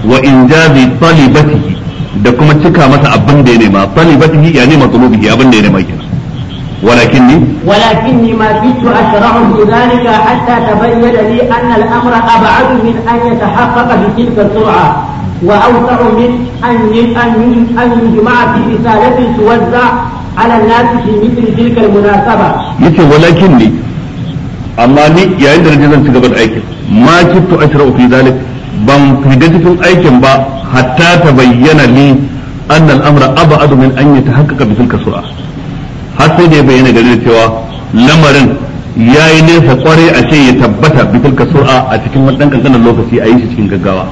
wa in injabi talibatihi da kuma cika masa abin da ya nema talibatihi ya nema tulubihi abin da ya nema kenan ولكني ولكني ما كنت أشرعه ذلك حتى تبين لي ان الامر ابعد من ان يتحقق بتلك السرعه وأوسع من أن أن أن يجمع في رسالة توزع على الناس في مثل تلك المناسبة. يتي ولكني amma ni yayin da naje zan ci gaba da aikin ma kittu ashra'u fi zalik ban fida cikin aikin ba hatta ta bayyana ni anna al-amra ab'adu min an yatahaqqaqa bi tilka sur'a har sai da ya bayyana gare cewa lamarin yayi nesa kware a ce ya tabbata bi tilka sur'a a cikin wannan kankanin lokaci a yi shi cikin gaggawa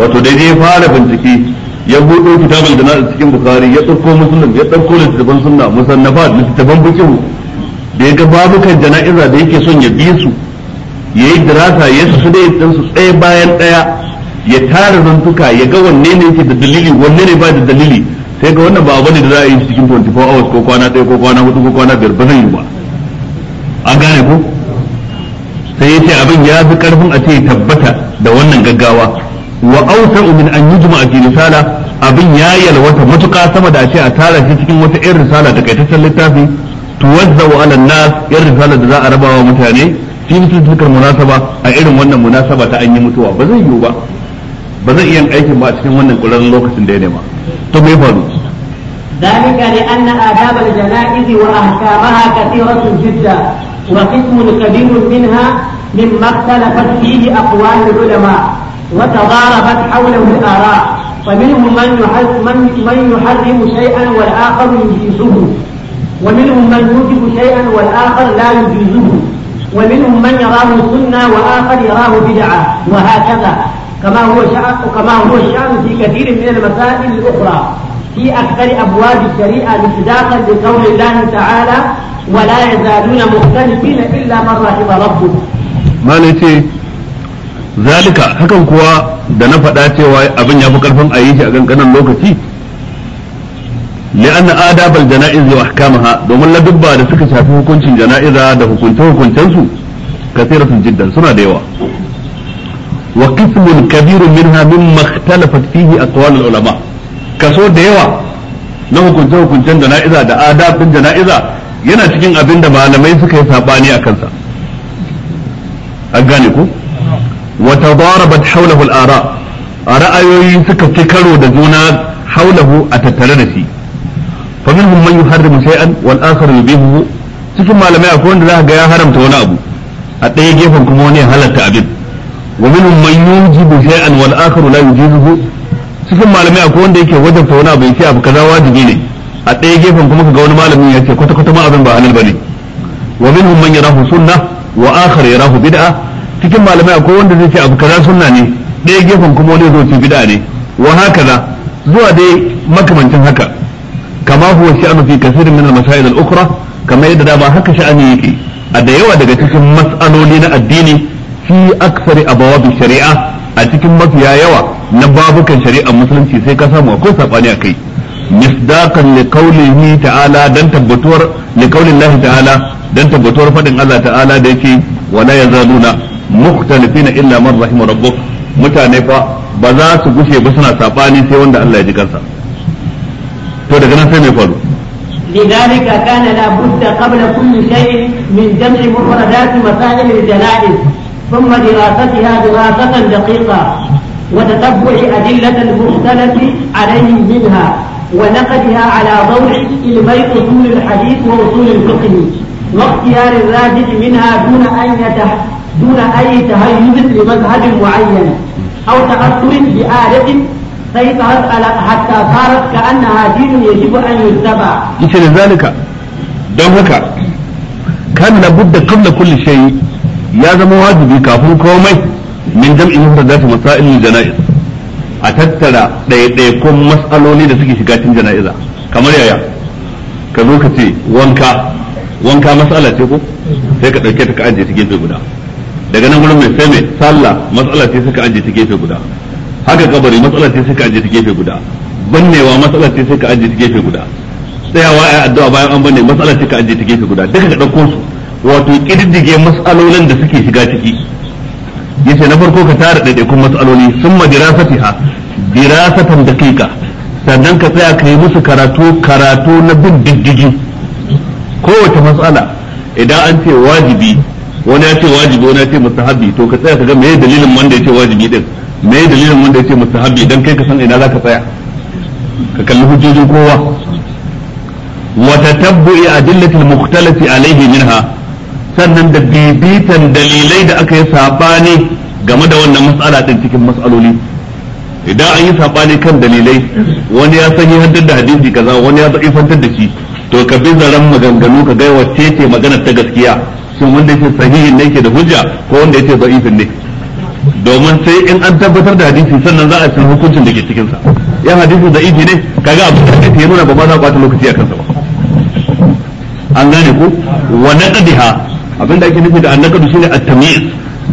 wato daidai ya fara bincike ya buɗo kitabul jana'iz cikin bukhari ya ɗauko musulun ya ɗauko littattafan sunna musannafat littattafan fiqh da ya ga babukan jana'iza da yake son ya bi su ya yi dirasa ya su da dan su tsaye bayan daya ya tara zantuka ya ga wanne ne yake da dalili wanne ne ba da dalili sai ga wannan ba bane da za a yi cikin 24 hours ko kwana ɗaya ko kwana hudu ko kwana biyar ba zai yi ba an gane ko sai ya ce abin ya fi karfin a ce tabbata da wannan gaggawa wa awsa'u min an yujma'a fi risala abin ya yalwata matuƙa sama da ce a tara shi cikin wata irin risala ta kaitaccen littafi tuwazzau ala nas irin risala da za a wa mutane fi mutuntukar munasaba a irin wannan munasaba ta an yi mutuwa ba zai yiwu ba ba zai iya aikin ba a cikin wannan ƙwararren lokacin da ya nema to me faru ذلك لأن آداب الجنائز وأحكامها كثيرة جدا وقسم كبير منها مما اختلفت فيه أقوال العلماء وتضاربت حوله الآراء فمنهم من من من يحرم شيئا والآخر يجيزه ومنهم من يوجب شيئا والآخر لا يجيزه ومنهم من يراه سنة وآخر يراه بدعة وهكذا كما هو شأن كما هو الشأن في كثير من المسائل الأخرى في أكثر أبواب الشريعة مصداقا لقول الله تعالى ولا يزالون مختلفين إلا من رحم ربه. ما zalika hakan kuwa da na faɗa cewa abin ya fi karfin a yi shi a kankanin lokaci li'anna adabal jana'iz wa ahkamaha domin ladubba da suka shafi hukuncin jana'iza da hukunce hukuncen su kasiratun jiddan suna da yawa wa qismun kabirun minha mimma ikhtalafat fihi aqwal ulama kaso da yawa na hukunce hukuncen jana'iza da adabin jana'iza yana cikin abin da malamai suka yi sabani a kansa an gane ku wa tadarabat hawlahu al-ara ra'ayoyi suka ci karo da juna hawlahu a tattare da shi fa minhum man yuharrimu shay'an wal akhar yubihu cikin malamai akwai wanda za ga ya haramta wani abu a ɗaya gefen kuma wani halatta abin wa minhum man yujibu shay'an wal akhar la yujibuhu cikin malamai akwai wanda yake wajabta wani abu yake abu kaza wajibi ne a ɗaya gefen kuma kaga wani malamin ya ce kwata kwata ma abin ba halal bane wa minhum man yarahu sunnah wa akhar yarahu bid'ah cikin malamai akwai wanda zai ce abu kaza sunna ne ɗaya gefen kuma wani zo ce bid'a ne wa hakaza zuwa dai makamancin haka kama huwa sha'anu fi kasirin min al-masail al-ukhra kamar yadda da ba haka sha'ani yake a da yawa daga cikin mas'aloli na addini fi aksari abawab shari'a a cikin mafiya yawa na babukan shari'ar musulunci sai ka samu akwai sabani akai misdaqan li ta'ala dan tabbatuwar faɗin ta'ala dan tabbatuwar fadin Allah ta'ala da yake wala yazaluna mukhtalifina illa man rahima rabbuk mutane fa ba za su gushe ba suna sabani sai wanda Allah ya ji kansa to daga nan sai mai faru لذلك كان لا بد قبل كل شيء من جمع مفردات مسائل الجنائز ثم دراستها دراسة دقيقة وتتبع أدلة المختلف عليه منها ونقدها على ضوء علمي أصول الحديث وأصول الفقه واختيار الراجح منها دون أن دون أي تهيج لمذهب معين أو تأثر بعادة سيطرت على حتى صارت كأنها دين يجب أن يتبع. لذلك don haka kan labudda qabla kulli shay ya zama wajibi kafin komai min jam'i mufradati masailul janaiz a tattara ɗaiɗaikun mas'aloli da suke shiga cikin jana'iza kamar yaya ka zo ka ce wanka wanka mas'ala ce ko sai ka ɗauke ta ka ajiye ta gefe guda daga nan gurin mai sai mai sallah matsala ce suka aje ta gefe guda haka kabari matsala ce suka aje ta gefe guda bannewa matsala ce suka aje ta gefe guda tsayawa ai addu'a bayan an banne matsala ce ka aje ta gefe guda duka ka dauko su wato kididdige mas'alolin da suke shiga ciki yace na farko ka tara daidaikun mas'aloli summa dirasatiha dirasatan daƙiƙa. sannan ka tsaya ka yi musu karatu karatu na bin diddigi kowace matsala idan an ce wajibi wani ya ce wajibi wani ya ce mustahabi to ka tsaya ka ga meye dalilin wanda ya ce wajibi din meye dalilin wanda ya ce mustahabi dan kai ka san ina za ka tsaya ka kalli hujjojin kowa wa tatabbu'i adillatil mukhtalafi alaihi minha sannan da bibitan dalilai da aka yi sabani game da wannan mas'ala din cikin mas'aloli idan an yi sabani kan dalilai wani ya sanya haddar da hadisi kaza wani ya za'ifantar da shi to ka bi zaren maganganu ka ga wacce ce magana ta gaskiya shin wanda yake sahihin ne ke da hujja ko wanda yake da'ifin ne domin sai in an tabbatar da hadisi sannan za a san hukuncin da ke cikin sa ya hadisi da'ifi ne kaga abu da yake nuna ba ma za ku lokaci a kansa ba an gane ku wa naqdiha da ake nufi da annaqdu shine at-tamyiz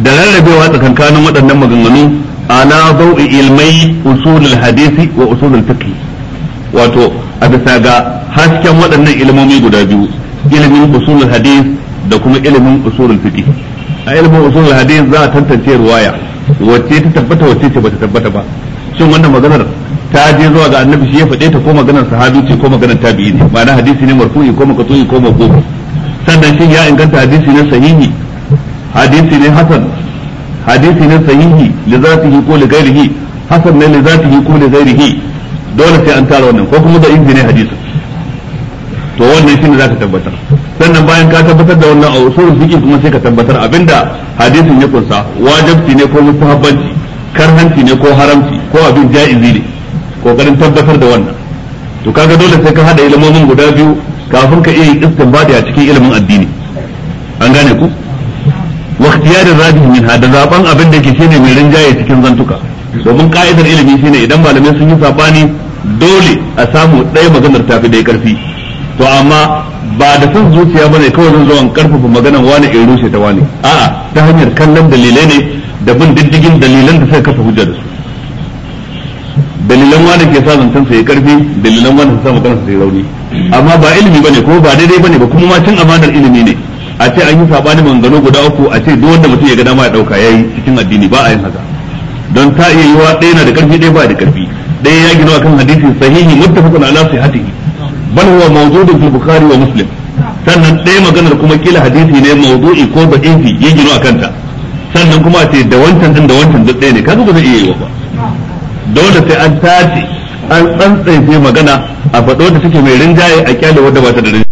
da rarrabewa tsakankanin waɗannan maganganu ala dawi ilmai usulul hadisi wa usulul fiqh wato a bisa ga hasken waɗannan ilmomi guda biyu ilimin usulul hadisi. da kuma ilimin usulul fiqh a ilimin usulul hadith za a tantance riwaya wacce ta tabbata wacce ce bata tabbata ba shin wannan maganar ta je zuwa ga annabi shi ya faɗe ta ko maganar sahabi ce ko maganar tabi'i ne ma'ana hadisi ne marfu'i ko makatu'i ko maqbul sannan shin ya inganta hadisi ne sahihi hadisi ne hasan hadisi ne sahihi li zatihi ko li ghairihi hasan ne li zatihi ko li ghairihi dole sai an tara wannan ko kuma da ne hadisi to wannan shine zaka tabbatar sannan bayan ka tabbatar da wannan a usulul fiqh kuma sai ka tabbatar abinda hadisin ya kunsa wajibci ne ko mustahabbanci karhanci ne ko haramci ko abin jaizi ne kokarin tabbatar da wannan to kaga dole sai ka hada ilmomin guda biyu kafin ka iya iskan bada a cikin ilimin addini an gane ku wa ikhtiyarur rajih min hada zaban abin da ke shine mai rinjaye cikin zantuka domin ka'idar ilimi shine idan malamai sun yi sabani dole a samu ɗaya maganar tafi da ƙarfi to amma ba da son zuciya ba ne kawai zan zo an karfafa maganan wani in rushe ta wani a'a ta hanyar kallon dalilai ne da bin diddigin dalilan da suka kafa hujja da su dalilan wani ke sa zancen sai karfi dalilan wani sa maganar sa rauni amma ba ilimi bane kuma ba daidai bane ba kuma ma cin amanar ilimi ne a ce an yi sabani mangano guda uku a ce duk wanda mutum ya ga dama ya dauka yayi cikin addini ba a yin haka don ta iya yiwa ɗaya na da karfi ɗaya ba da karfi ɗaya ya gina akan hadisi sahihi muttafaqun ala sihhatihi bal huwa mawjudun fil bukhari wa muslim sannan ɗaya maganar kuma kila hadisi ne mawdu'i ko da'ifi ya gino a kanta sannan kuma sai da wancan din da wancan duk ɗaya ne kaga ba zai iya yi ba dole sai an tace an tsantsaife magana a faɗo da take mai rinjaye a kyale wanda ba ta da rinjaye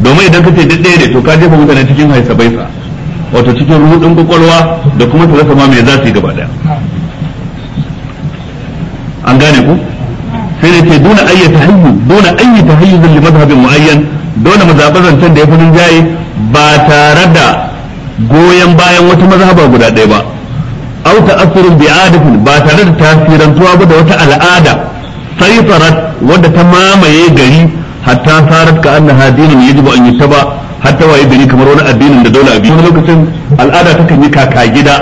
domin idan ka ce duk ɗaya ne to ka jefa mutane cikin haisa baisa wato cikin rudin kwakwalwa da kuma ta rasa ma mai za su yi gaba ɗaya an gane ku sai da ce duna ayya tahayyu duna ayyi tahayyuzin muayyan dole mazaɓar zancen da ya fi jaye ba tare da goyon bayan wata mazhaba guda ɗaya ba au ta'assurun bi'adatin ba tare da tasirantuwa ba da wata al'ada sayfarat wadda ta mamaye gari hatta sarat ka annaha ya yajibu an yutaba hatta waye gari kamar wani addinin da dole a bi lokacin al'ada kan yi kaka gida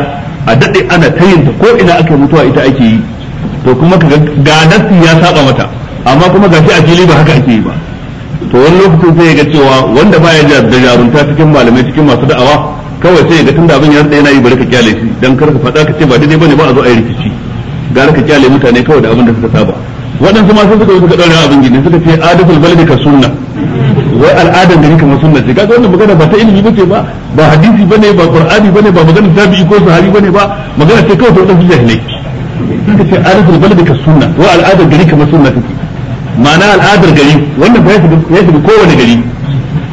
a daɗe ana tayinta ko ina aka mutuwa ita ake yi to kuma ka ga nassi ya saba mata amma kuma gashi a fili ba haka ake yi ba to wani lokaci sai ya ga cewa wanda ya da jarunta cikin malamai cikin masu da'awa kawai sai ya ga tunda abin ya rantsa yana yi bari ka kyale shi dan kar ka faɗa ka ce ba daidai bane ba a zo a yi rikici gara ka kyale mutane kawai da abin da suka saba waɗansu masu sai suka suka ɗaure abin gini suka ce adabul balbi ka sunna wai al'adar da kamar sunna ce kaga wannan magana ba ta ilimi ba ce ba ba hadisi bane ba qur'ani bane ba magana tabi'i ko sahabi bane ba magana ce kawai ta wadansu jahilai suka ce arifin balad ka sunna wa al'adar gari kamar sunna take ma'ana al'adar gari wannan ya shiga kowane gari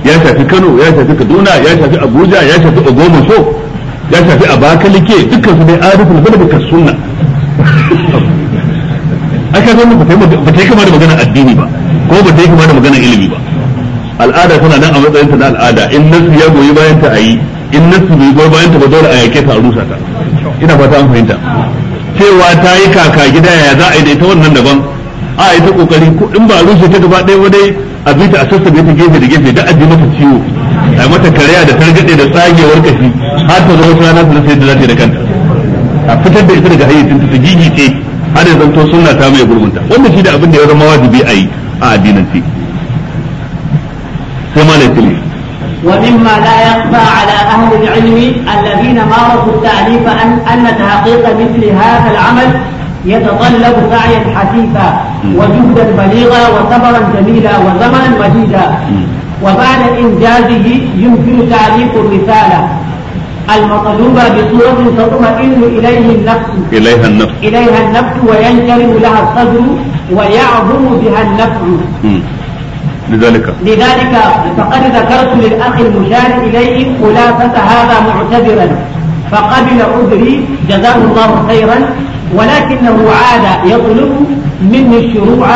ya shafi Kano ya shafi Kaduna ya shafi Abuja ya shafi Ogbomoso ya shafi Abakalike dukkan su dai arifin balad ka sunna aka zo ba ta yi kama da magana addini ba ko ba ta yi kama da magana ilimi ba al'ada tana nan a matsayinta na al'ada in nasu ya goyi bayan ta a yi in nasu bai goyi bayan ta ba dole a yake ta a rusa ta ina fata an fahimta cewa ta yi kaka gida ya za a yi da ita wannan daban a yi ta kokari in ba rushe ta gaba ɗaya wadai dai a bi ta a sassabe ta gefe da gefe da ajiye mata ciwo a mata karaya da targaɗe da tsagewar kashi har ta zama rana ta sai da za ta da kanta a fitar da ita daga hayyacinta ta gigice har da zanto suna ta mai gurbunta wanda shi da abin da ya zama wajibi a yi a addinance sai ومما لا يخفى على أهل العلم الذين مارسوا التعليم أن, أن تحقيق مثل هذا العمل يتطلب سعيا حثيثا وجهدا بليغا وصبرا جميلا وزمنا مديدا وبعد إنجازه يمكن تعليق الرسالة المطلوبة بصورة تطمئن إليه النفس إليها النفس إليها النفس وينكرم لها الصدر ويعظم بها النفس لذلك لذلك فقد ذكرت للأخ المشار إليه خلافة هذا معتذرا فقبل عذري جزاه الله خيرا ولكنه عاد يطلب مني الشروع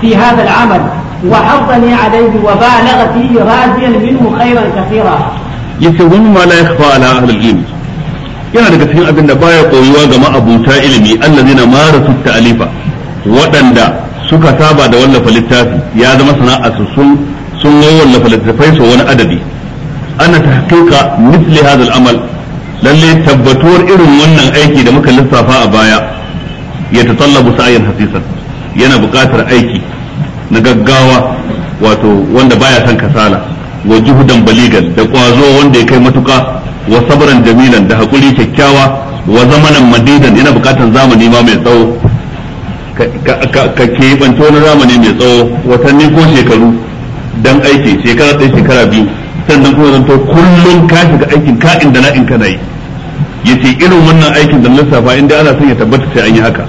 في هذا العمل وحضني عليه وبالغ فيه راجيا منه خيرا كثيرا يمكن مما لا يخفى على اهل ahlul ilm yana daga cikin abin da baya koyuwa ga ma'abuta ilimi allazina marasu ta'alifa waɗanda suka saba da wallafa littafi ya zama sana'a su sun sun wallafa littafai su wani adadi. ana tahqiqa misli hadha amal lalle tabbatuwar irin wannan aiki da muka lissafa a baya ya tatallabu sa'ayin hasisan yana buƙatar aiki na gaggawa wato wanda baya son kasala wa juhudan baligan da ƙwazo wanda ya kai matuƙa wa sabran jamilan da hakuri kyakkyawa wa zamanan madidan yana buƙatar zamani ma mai tsawo ka banto wani zamani mai tsawo watanni ko shekaru don aiki shekara ɗaya shekara biyu sannan kuma zanto kullum ka shiga aikin ka inda na in kana yi ya ce irin wannan aikin da lissafa inda ana son ya tabbata sai an yi haka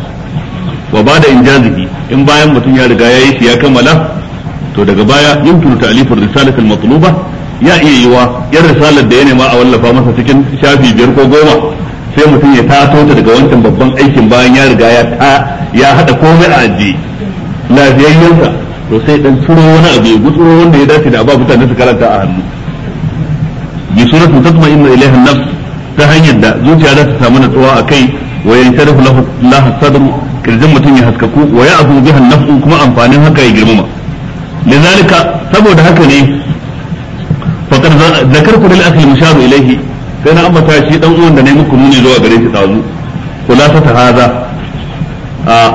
wa ba da in bayan mutum ya riga ya yi shi ya kammala to daga baya yin turu ta'alifin al matluba ya iya yiwa yan risalar da ya nema a wallafa masa cikin shafi biyar ko goma sai mutum ya taso ta daga wancan babban aikin bayan ya riga ya ta ya hada komai a aji lafiyayyensa to sai dan turo wani abu ya gutsuro wanda ya dace da abu mutane su karanta a hannu bi suratun inna ilaihi nafs ta hanyar da zuciya za ta samu natsuwa a kai wa yansharahu lahu sadru kirjin mutum ya haskaku wa ya'zu biha nafsu kuma amfanin haka ya girmama lidhalika saboda haka ne faqad zakartu lil akhi musharu ilaihi. sai na ambata shi dan uwan da ne muku nuni zuwa gare shi dazu kulasa ta haza a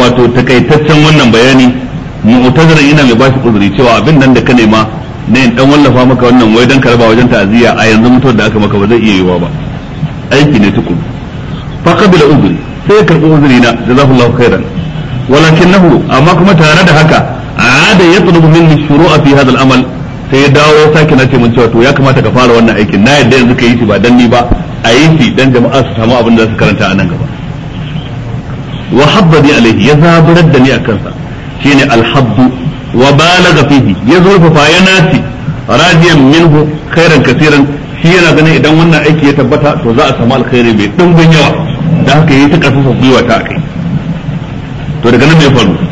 wato takaitaccen wannan bayani mu'tazirin ina mai bashi uzuri cewa abin nan da ka nema ne dan wallafa maka wannan wai dan karba wajen ta'aziyya a yanzu mutuwar da aka maka ba zai iya yiwa ba aiki ne tukun fa qabila uzuri sai ya karbi uzuri na jazakallahu khairan walakinahu amma kuma tare da haka ada yatlubu minni shuru'a fi hadha amal sai ya dawo sake na ce mun cewa to ya kamata ka fara wannan aikin na yadda yanzu ka yi shi ba dan ni ba a yi shi dan jama'a su samu abin da su karanta a nan gaba wa habbani alaihi ya zaburar da ni a kansa shine alhabbu wa balaga fihi ya zurfafa ya nasi radiyan minhu khairan kaseeran shi yana ganin idan wannan aiki ya tabbata to za a samu alkhairi mai dimbin yawa da haka yi ta kasusa gwiwa ta kai. to daga nan me faru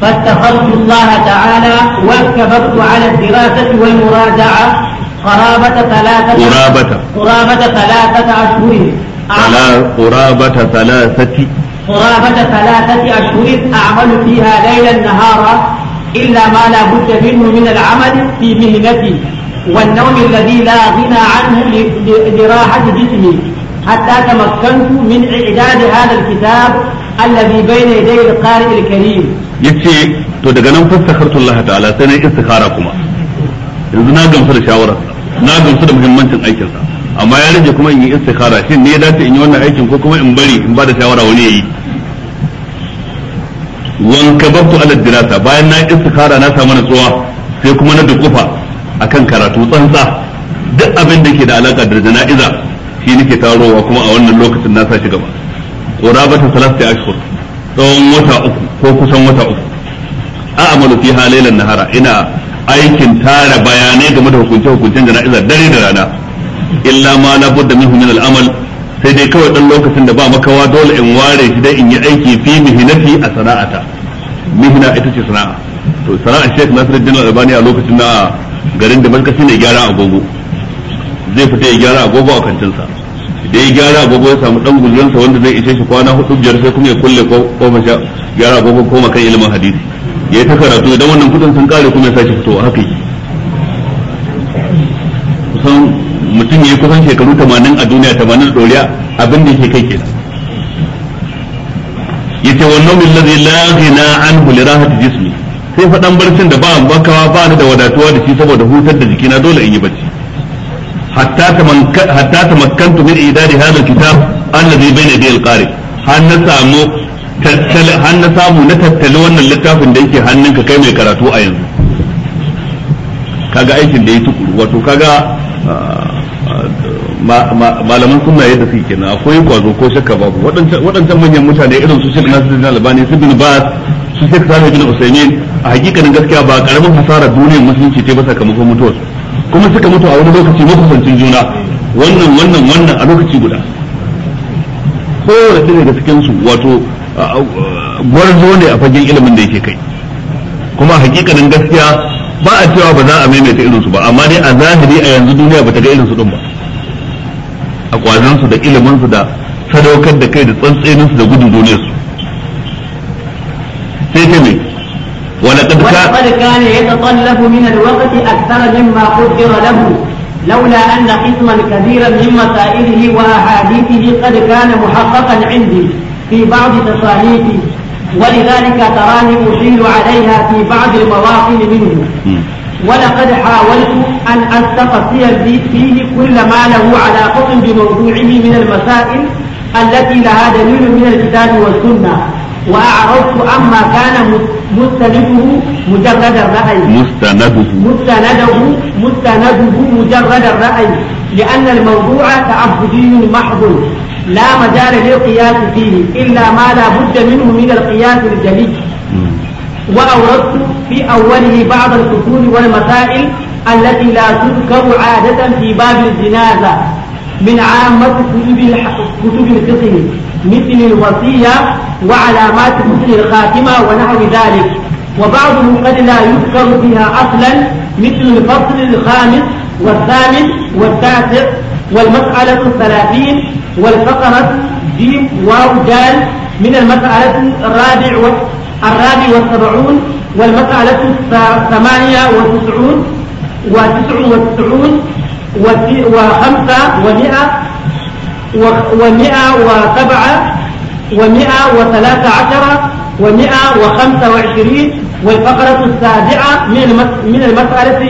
فاتخذت الله تعالى وانكبرت على الدراسة والمراجعة قرابة ثلاثة قرابة قرابة ثلاثة أشهر قرابة ثلاثة قرابة ثلاثة أشهر أعمل فيها ليلا نهارا إلا ما لا بد منه من العمل في مهنتي والنوم الذي لا غنى عنه لراحة جسمي حتى تمكنت من إعداد هذا الكتاب allazi bayna yadayil qari'il karim yace to daga nan fassakartu Allah ta'ala sai na istikhara kuma yanzu na gamsu da shawara na gamsu da muhimmancin aikin amma ya rage kuma in yi istikhara shin ne ya dace in yi wannan aikin ko kuma in bari in ba da shawara wani yayi wan kababtu ala dirasa bayan na istikhara na samu natsuwa sai kuma na dukufa akan karatu tsantsa duk abin da ke da alaka da jana'iza shi nake tarowa kuma a wannan lokacin na sa shi gaba qurabata ta ashhur tsawon wata uku ko kusan wata uku a amalu fi halailan nahara ina aikin tara bayanai game da hukunce hukuncen jana'iza dare da rana illa ma la budda minhu min al-amal sai dai kawai dan lokacin da ba makawa dole in ware shi dai in yi aiki fi mihinati a sana'ata mihina ita ce sana'a to sana'a Sheikh Nasiruddin albani a lokacin na garin da Damascus ne gyara agogo zai fita ya gyara agogo a kantinsa da ya gyara agogo ya samu dan guzurinsa wanda zai ishe shi kwana hudu biyar sai kuma ya kulle ko sha gyara agogo koma kan ilimin hadisi ya ta karatu idan wannan kudin sun kare kuma ya sake fitowa haka yi kusan mutum ya yi kusan shekaru 80 a duniya 80 doriya abin da yake kai kenan yace wannan min ladhi la ghina anhu li rahati jismi sai fadan barcin da ba bakawa ba ni da wadatuwa da shi saboda hutar da jikina dole in yi bacci hatta ta makkantu min idadi hadal kitab allazi bayna bi alqari har na samu tattala har samu na tattali wannan littafin da yake hannunka kai mai karatu a yanzu kaga aikin da ya tukuru wato kaga malaman sunna yadda suke kenan akwai kwazo ko shakka babu waɗancan manyan mutane irin su Sheikh Nasiruddin Albani su Bin su Sheikh Salih bin Usaimin a hakikanin gaskiya ba karamin hasara duniyar musulunci ce ba sakamakon mutuwar kuma suka mutu a wani lokaci makusancin juna wannan wannan wannan a lokaci guda kowane ɗaya daga cikin su wato gwarzo ne a fagen ilimin da yake kai kuma hakikanin gaskiya ba a cewa ba za a maimaita su ba amma dai a zahiri a yanzu duniya ba ta ga su din ba a su da su da sadaukar da kai da su da gudun su. sai ta mai ولقد فقد كان يتطلب من الوقت أكثر مما قدر له لولا أن قسما كبيرا من مسائله وأحاديثه قد كان محققا عندي في بعض تصانيفي ولذلك تراني أشير عليها في بعض المواطن منه ولقد حاولت أن أستقصي فيه كل ما له علاقة بموضوعه من المسائل التي لها دليل من الكتاب والسنة وأعرضت عما كان مستنده مجرد الرأي مستنده مستنده مستنده مجرد الرأي لأن الموضوع تعبدي محض لا مجال للقياس فيه إلا ما لا بد منه من القياس الجلي وأوردت في أوله بعض الفصول والمسائل التي لا تذكر عادة في باب الجنازة من عامة كتب الفقه مثل الوصية وعلامات مثل الخاتمة ونحو ذلك وبعضهم قد لا يذكر فيها أصلا مثل الفصل الخامس والثامن والتاسع والمسألة الثلاثين والفقرة جيم واو جال من المسألة الرابع الرابع والسبعون والمسألة الثمانية والتسعون وتسع وتسعون وخمسة ومئة ومئة وسبعة ومئة وثلاثة عشر ومئة وخمسة وعشرين والفقرة السابعة من المسألة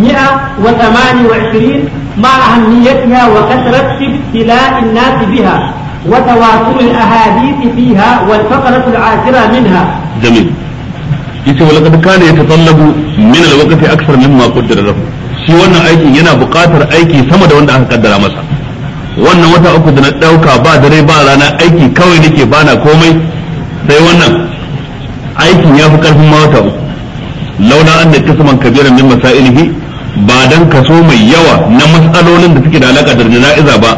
مئة وثمان وعشرين مع أهميتها وكثرة ابتلاء الناس بها وتواتر الأحاديث فيها والفقرة العاشرة منها جميل yace walaqad kana yatatallabu min alwaqti akthar mimma qaddara lahu shi wannan aikin yana buƙatar aiki sama da wanda aka kaddara masa wannan wata uku da na ɗauka ba dare ba rana aiki kawai nake ba na komai sai wannan aikin ya fi ƙarfin ma wata uku launa an da kisman kabiran min masailihi ba dan kaso mai yawa na matsalolin da suke da alaƙa da jana'iza ba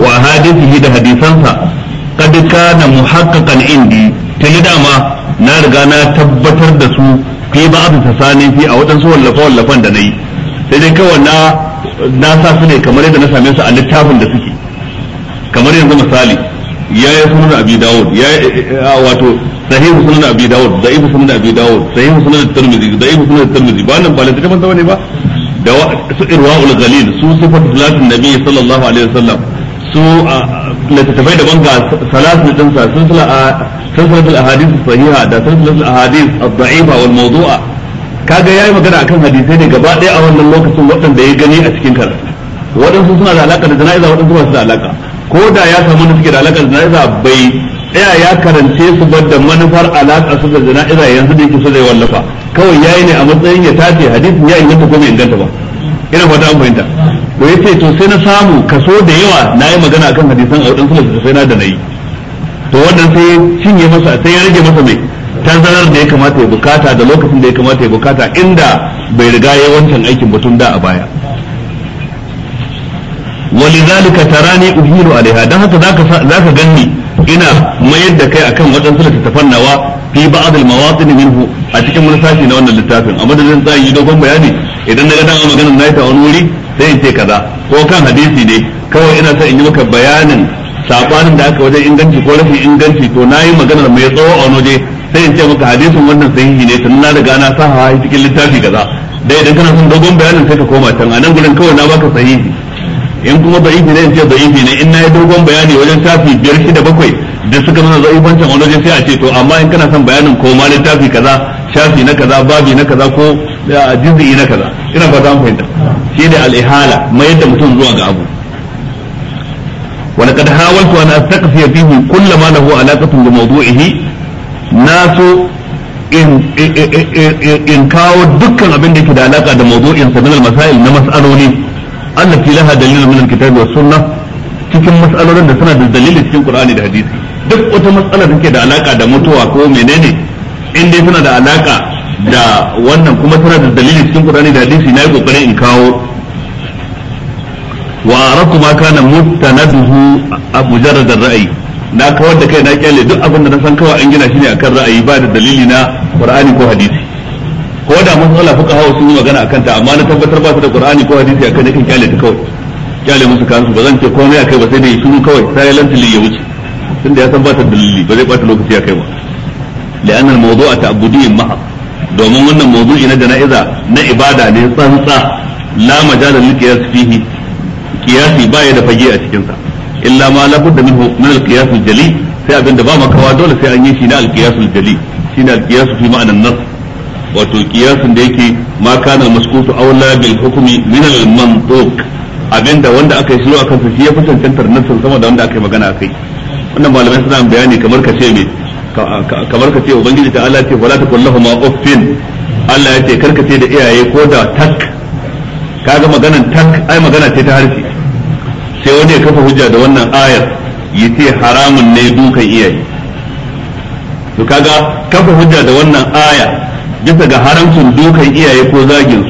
wa hadisihi da hadisansa kad kana muhaqqaqan indi tuni dama na riga na tabbatar da su fi ba'd tasani fi a wadansu wallafa wallafan da nayi sai dai kawai na na sa su ne kamar yadda na same su a littafin da suke kamar yanzu misali ya yi sunan abi dawud ya eh, ah, wato sahihu sunan abi dawud da'ifu sunan abi dawud sahihu sunan tirmidhi da'ifu sunan tirmidhi ba nan ba littafin ba ne ba da su irwaul ghalil su sifatu salatin nabi sallallahu alaihi wasallam su ah, littattafai daban ga salatin din sa sun sala ah, silsilatul ahadith sahiha da sun silsilatul ahadith ad-da'ifa wal mawdu'a kaga yayi magana akan hadisai ne gaba daya a wannan lokacin waɗanda ya gani a cikin karatu waɗansu suna da alaƙa da jana'iza waɗansu ba su da alaƙa. ko da ya samu da suke da alakar jana'iza bai tsaya ya karance su ba da manufar alaƙa su da jana'iza yanzu da yake so zai wallafa kawai ya yi ne a matsayin ya tace hadisi ya inganta ko bai inganta ba ina fata an fahimta to ce to sai na samu kaso da yawa na yi magana akan hadisan a wadansu da sai na da na yi. to wannan sai cinye masa sai ya rage masa mai tanzarar da ya kamata ya bukata da lokacin da ya kamata ya bukata inda bai riga ya wancan aikin batun da a baya ولذلك تراني أهيل عليها ده هكا ذاك ذاك غني ina mayar da kai akan waɗansu littattafan nawa fi ba'd al-mawatin minhu a cikin wani sashi na wannan littafin amma da zan tsaya yi dogon bayani idan na ga dan na ta wani wuri sai in ce kaza ko kan hadisi ne kawai ina sa in yi maka bayanin sabanin da aka wajen inganci ko rashin inganci to na yi magana mai tsawo a wani waje sai in ce maka hadisin wannan sahihi ne sannan na riga na sa cikin littafi kaza dai idan kana son dogon bayanin sai ka koma can a nan gurin kawai na baka sahihi in kuma da'ifi ne in ce da'ifi ne in na yi dogon bayani wajen tafi biyar shida bakwai da suka nuna za'ubancin wani wajen sai a ce to amma in kana son bayanin ko ma littafi kaza shafi na kaza babi na kaza ko jizgi na kaza ina ba za mu fahimta shi ne al'ihala mai yadda mutum zuwa ga abu ولقد حاولت أن أستقصي فيه كل ما له علاقة بموضوعه ناس in kawo dukkan abin da yake da alaka da mawdu'in sa min al-masail na mas'aloli allati laha dalilun min alkitabi was sunnah cikin mas'alolin da suna da dalili cikin qur'ani da hadisi duk wata mas'ala da ke da alaka da mutuwa ko menene in dai tana da alaka da wannan kuma tana da dalili cikin qur'ani da hadisi nayi kokarin in kawo wa aratu ma kana mustanaduhu mujarrad ar-ra'yi na kawar da kai na kyale duk abin da na san kawai an gina shi ne akan ra'ayi ba da dalili na qur'ani ko hadisi ko da matsala fuka hawa sun yi magana akan ta amma na tabbatar ba su da qur'ani ko hadisi akan yakan kyale ta kawai kyale musu kansu ba zan ce komai akai ba sai dai su kawai sai tilli ya wuce tunda ya san ba ta dalili ba zai bata lokaci akai ba la'anna al-mawdu'a ta'budiyyin ma'a domin wannan mawdu'i na jana'iza na ibada ne tsantsa la majala lil qiyas fihi qiyasi ya da fage a cikin sa illa ma la budda minhu min al-qiyas al-jali sai abinda ba makawa dole sai an yi shi na al-qiyas al-jali na al-qiyas fi ma'anan nas wato kiyasin da yake ma kana maskutu aula bil hukmi min al mantuq abinda wanda aka yi shiru akan sa shi ya fi cancantar nassin sama da wanda aka yi magana akai wannan malamai suna bayani kamar ka ce me kamar ka ce ubangiji ta Allah ce wala takullahu ma uffin Allah ya ce karka ce da iyaye ko da tak kaga maganan tak ai magana ce ta harshe sai wani ya kafa hujja da wannan ayar yace haramun ne dukan iyaye to kaga kafa hujja da wannan aya bisa ga haramcin dokan iyaye ko zagin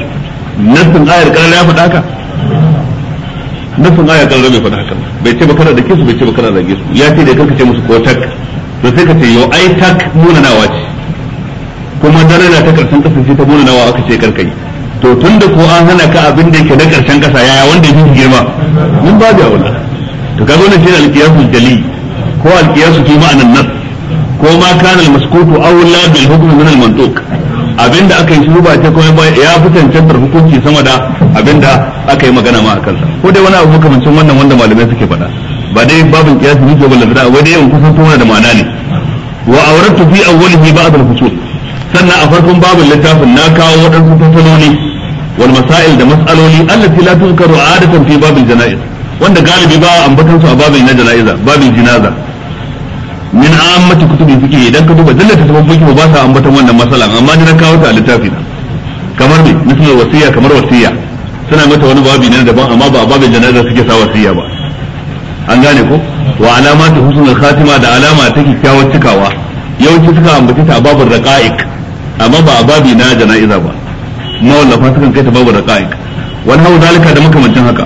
su nassin ayar karar ya faɗa haka nassin ayar karar bai faɗa haka bai ce ba kana da kisu bai ce ba kana da kisu ya ce da kanka ce musu ko tak to sai ka ce yau ai tak nawa ce kuma dare na ta karshen kasa ce ta nawa aka ce karkai to tun da ko an hana ka abin da yake na karshen kasa yaya wanda yake girma mun ba da wannan to zo na shine alqiyasul jali ko alqiyasu fi ma'anan nas ko ma kana al-maskutu la bil hukm min al-mantuq abinda aka yi shi ba ta kuma ya fitan cancantar hukunci sama da abinda aka yi magana ma a kansa ko dai wani abu makamancin wannan wanda malamai suke faɗa ba dai babin kiyasi ne ke ballata wai dai yawan kusan tona da ma'ana ne wa auratu fi awwalihi ba'd al-fusul sannan a farkon babin littafin na kawo wadansu fasaloli wal masail da mas'aloli allati la tunkaru adatan fi babil janaiz wanda galibi ba ambatan su a babin na janaiza babin jinaza min ammatu kutubi fiqh idan ka duba dalla ta sabon fiqh ba sa ambata wannan masalan amma ni na kawo ta littafi na kamar me misal wasiya kamar wasiya suna mata wani babi ne daban amma ba babin janaza suke sa wasiya ba an gane ko wa alamatu husnul khatima da alama ta kikkiawar cikawa yawanci suka ambaci ta babin raqa'iq amma ba babi na jana'iza ba mawallafa sukan kai ta babin raqa'iq wani hawa zalika da makamancin haka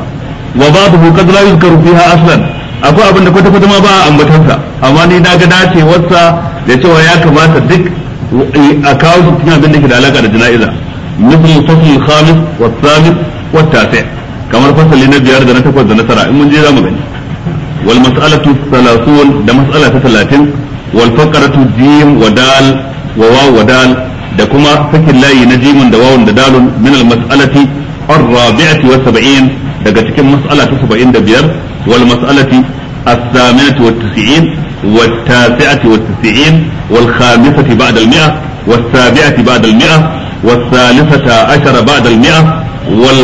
wa babu kadra yuzkaru fiha aslan akwai abin da kwata-kwata ma ba a ambatansa amma ni na ga wasa da cewa ya kamata duk a kawo su cikin abin da ke da alaka da jana'iza nufin musafin khamis wa samis wa tafi kamar fasali na biyar da na takwas da na tara in mun je za mu gani wal mas'alatu salasun da mas'ala ta talatin wal faqratu jim wa dal wa waw wa dal da kuma sakin layi na jimin da wawun da dalun min al mas'alati ar-rabi'ati wa sab'in daga cikin mas'ala ta 75 wal mas'alati as-saminati wat tis'in wat tasi'ati wat tis'in wal khamisati ba'da al mi'a was sabi'ati ba'da al mi'a was thalithata ashara ba'da al mi'a wal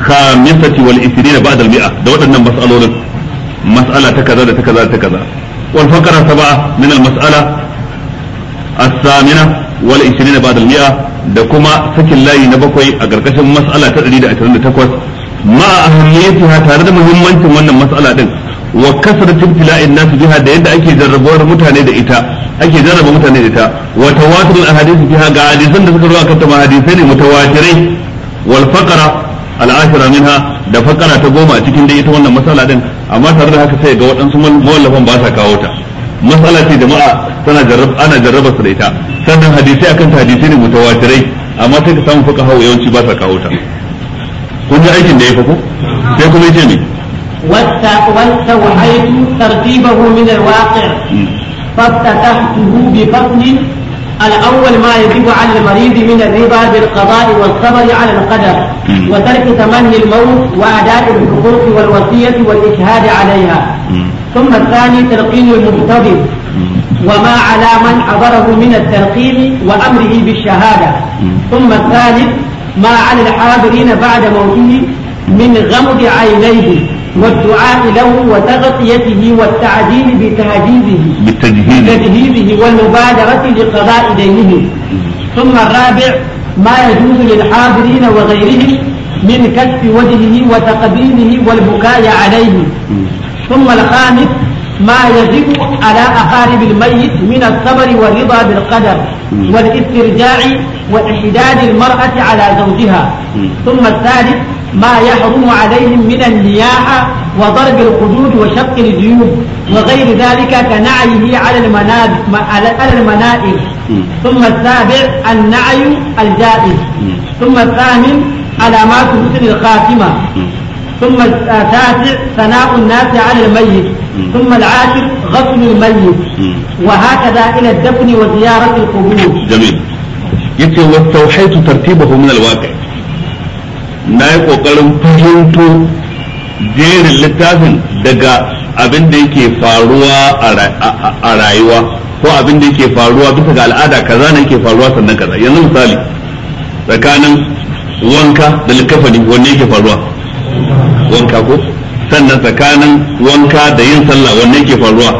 khamisati wal 20 ba'da al mi'a da waɗannan mas'alolin mas'ala ta kaza da ta kaza da ta kaza mas'ala samina da kuma sakin layi na bakwai a ƙarƙashin mas'ala ta ma ha tare da muhimmancin wannan mas'ala din wa kasratu in nas biha da yadda ake jarrabuwar mutane da ita ake jarraba mutane da ita wa tawatur ahadith biha ga hadisan da suka zo akan ta hadisai ne mutawatirai wal faqra al'ashira minha da fakara ta goma a cikin da ita wannan matsala din amma tare da haka sai ga waɗansu mawallafan ba sa kawo ta matsala ce jama'a tana jarrab ana jarraba su da ita sannan hadisai akan ta hadisai ne mutawatirai amma sai ka samu fuka hawa yawanci ba sa kawo ta kun ji aikin da ya fako sai kuma yace ne واستوحيت ترتيبه من الواقع فافتتحته بفصل الأول ما يجب على المريض من الربا بالقضاء والصبر على القدر وترك تمني الموت وأداء الحقوق والوصية والإشهاد عليها ثم الثاني تلقين المحتضر وما على من حضره من التلقين وأمره بالشهادة ثم الثالث ما على الحاضرين بعد موته من غمض عينيه والدعاء له وتغطيته والتعجيل بتهجيزه بتجهيزه, والمبادرة لقضاء دينه ثم الرابع ما يجوز للحاضرين وغيرهم من كشف وجهه وتقديمه والبكاء عليه ثم الخامس ما يجب على أقارب الميت من الصبر والرضا بالقدر والاسترجاع وإحداد المرأة على زوجها ثم الثالث ما يحرم عليهم من النياحة وضرب الحدود وشق الجيوب وغير ذلك كنعيه على المناب على المنائب ثم السابع النعي الجائز ثم الثامن علامات حسن الخاتمة ثم التاسع ثناء الناس على الميت ثم العاشر غسل الميت وهكذا إلى الدفن وزيارة القبور جميل yace wattauhaitu tartibahu min alwaqi na yi kokarin fahimto jerin littafin daga abin da yake faruwa a rayuwa ko abin da yake faruwa bisa ga al'ada kaza ne yake faruwa sannan kaza yanzu misali tsakanin wanka da likafani wanne yake faruwa wanka ko sannan tsakanin wanka da yin sallah wannan ke faruwa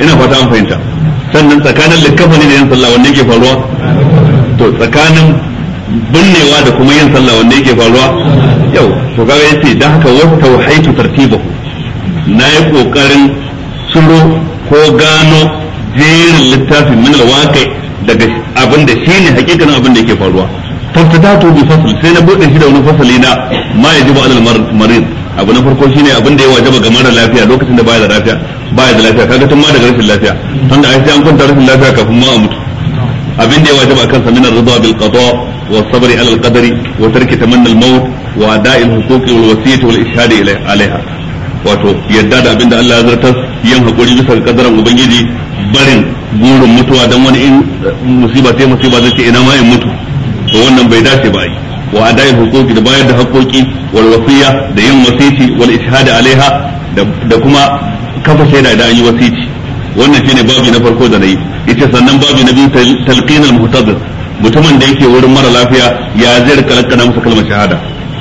ina fata an fahimta sannan tsakanin likafani da yin sallah wannan ke faruwa to tsakanin binnewa da kuma yin sallah wannan ke faruwa yau to ga ce dan haka wa tartiba na yi kokarin tsuro ko gano jerin littafin min alwaqi daga abin da shine hakikanin abin da yake faruwa fafatatu bi fasl sai na bude shi da wani fasali na ma yajibu alal marid abu na farko shine abin da ya wajaba ga mara lafiya lokacin da baya da lafiya baya da lafiya kaga tun ma daga rashin lafiya tunda ai an kwanta rashin lafiya kafin ma a mutu abin da ya wajaba akan sa min ar-ridha bil qada wa sabr ala al-qadari wa tarki tamanna al-maut wa ada'i al-huquq wal wasiyyah wal ishhad alaiha wato yadda da abin da Allah ya zartar yin hakuri bisa ga kadaran ubangiji barin burin mutuwa dan wani in eh, musiba sai musiba zai ce ina ma in mutu to wannan bai dace ba yi wa adai hukuki da bayar da hakoki wal wasiya da yin wasiti wal ishhad alaiha da kuma kafa shaida da an yi wasiti wannan shine babu na farko da nayi yace sannan babu na biyu talqin al mutumin da yake wurin mara lafiya ya zai rika masa kalmar shahada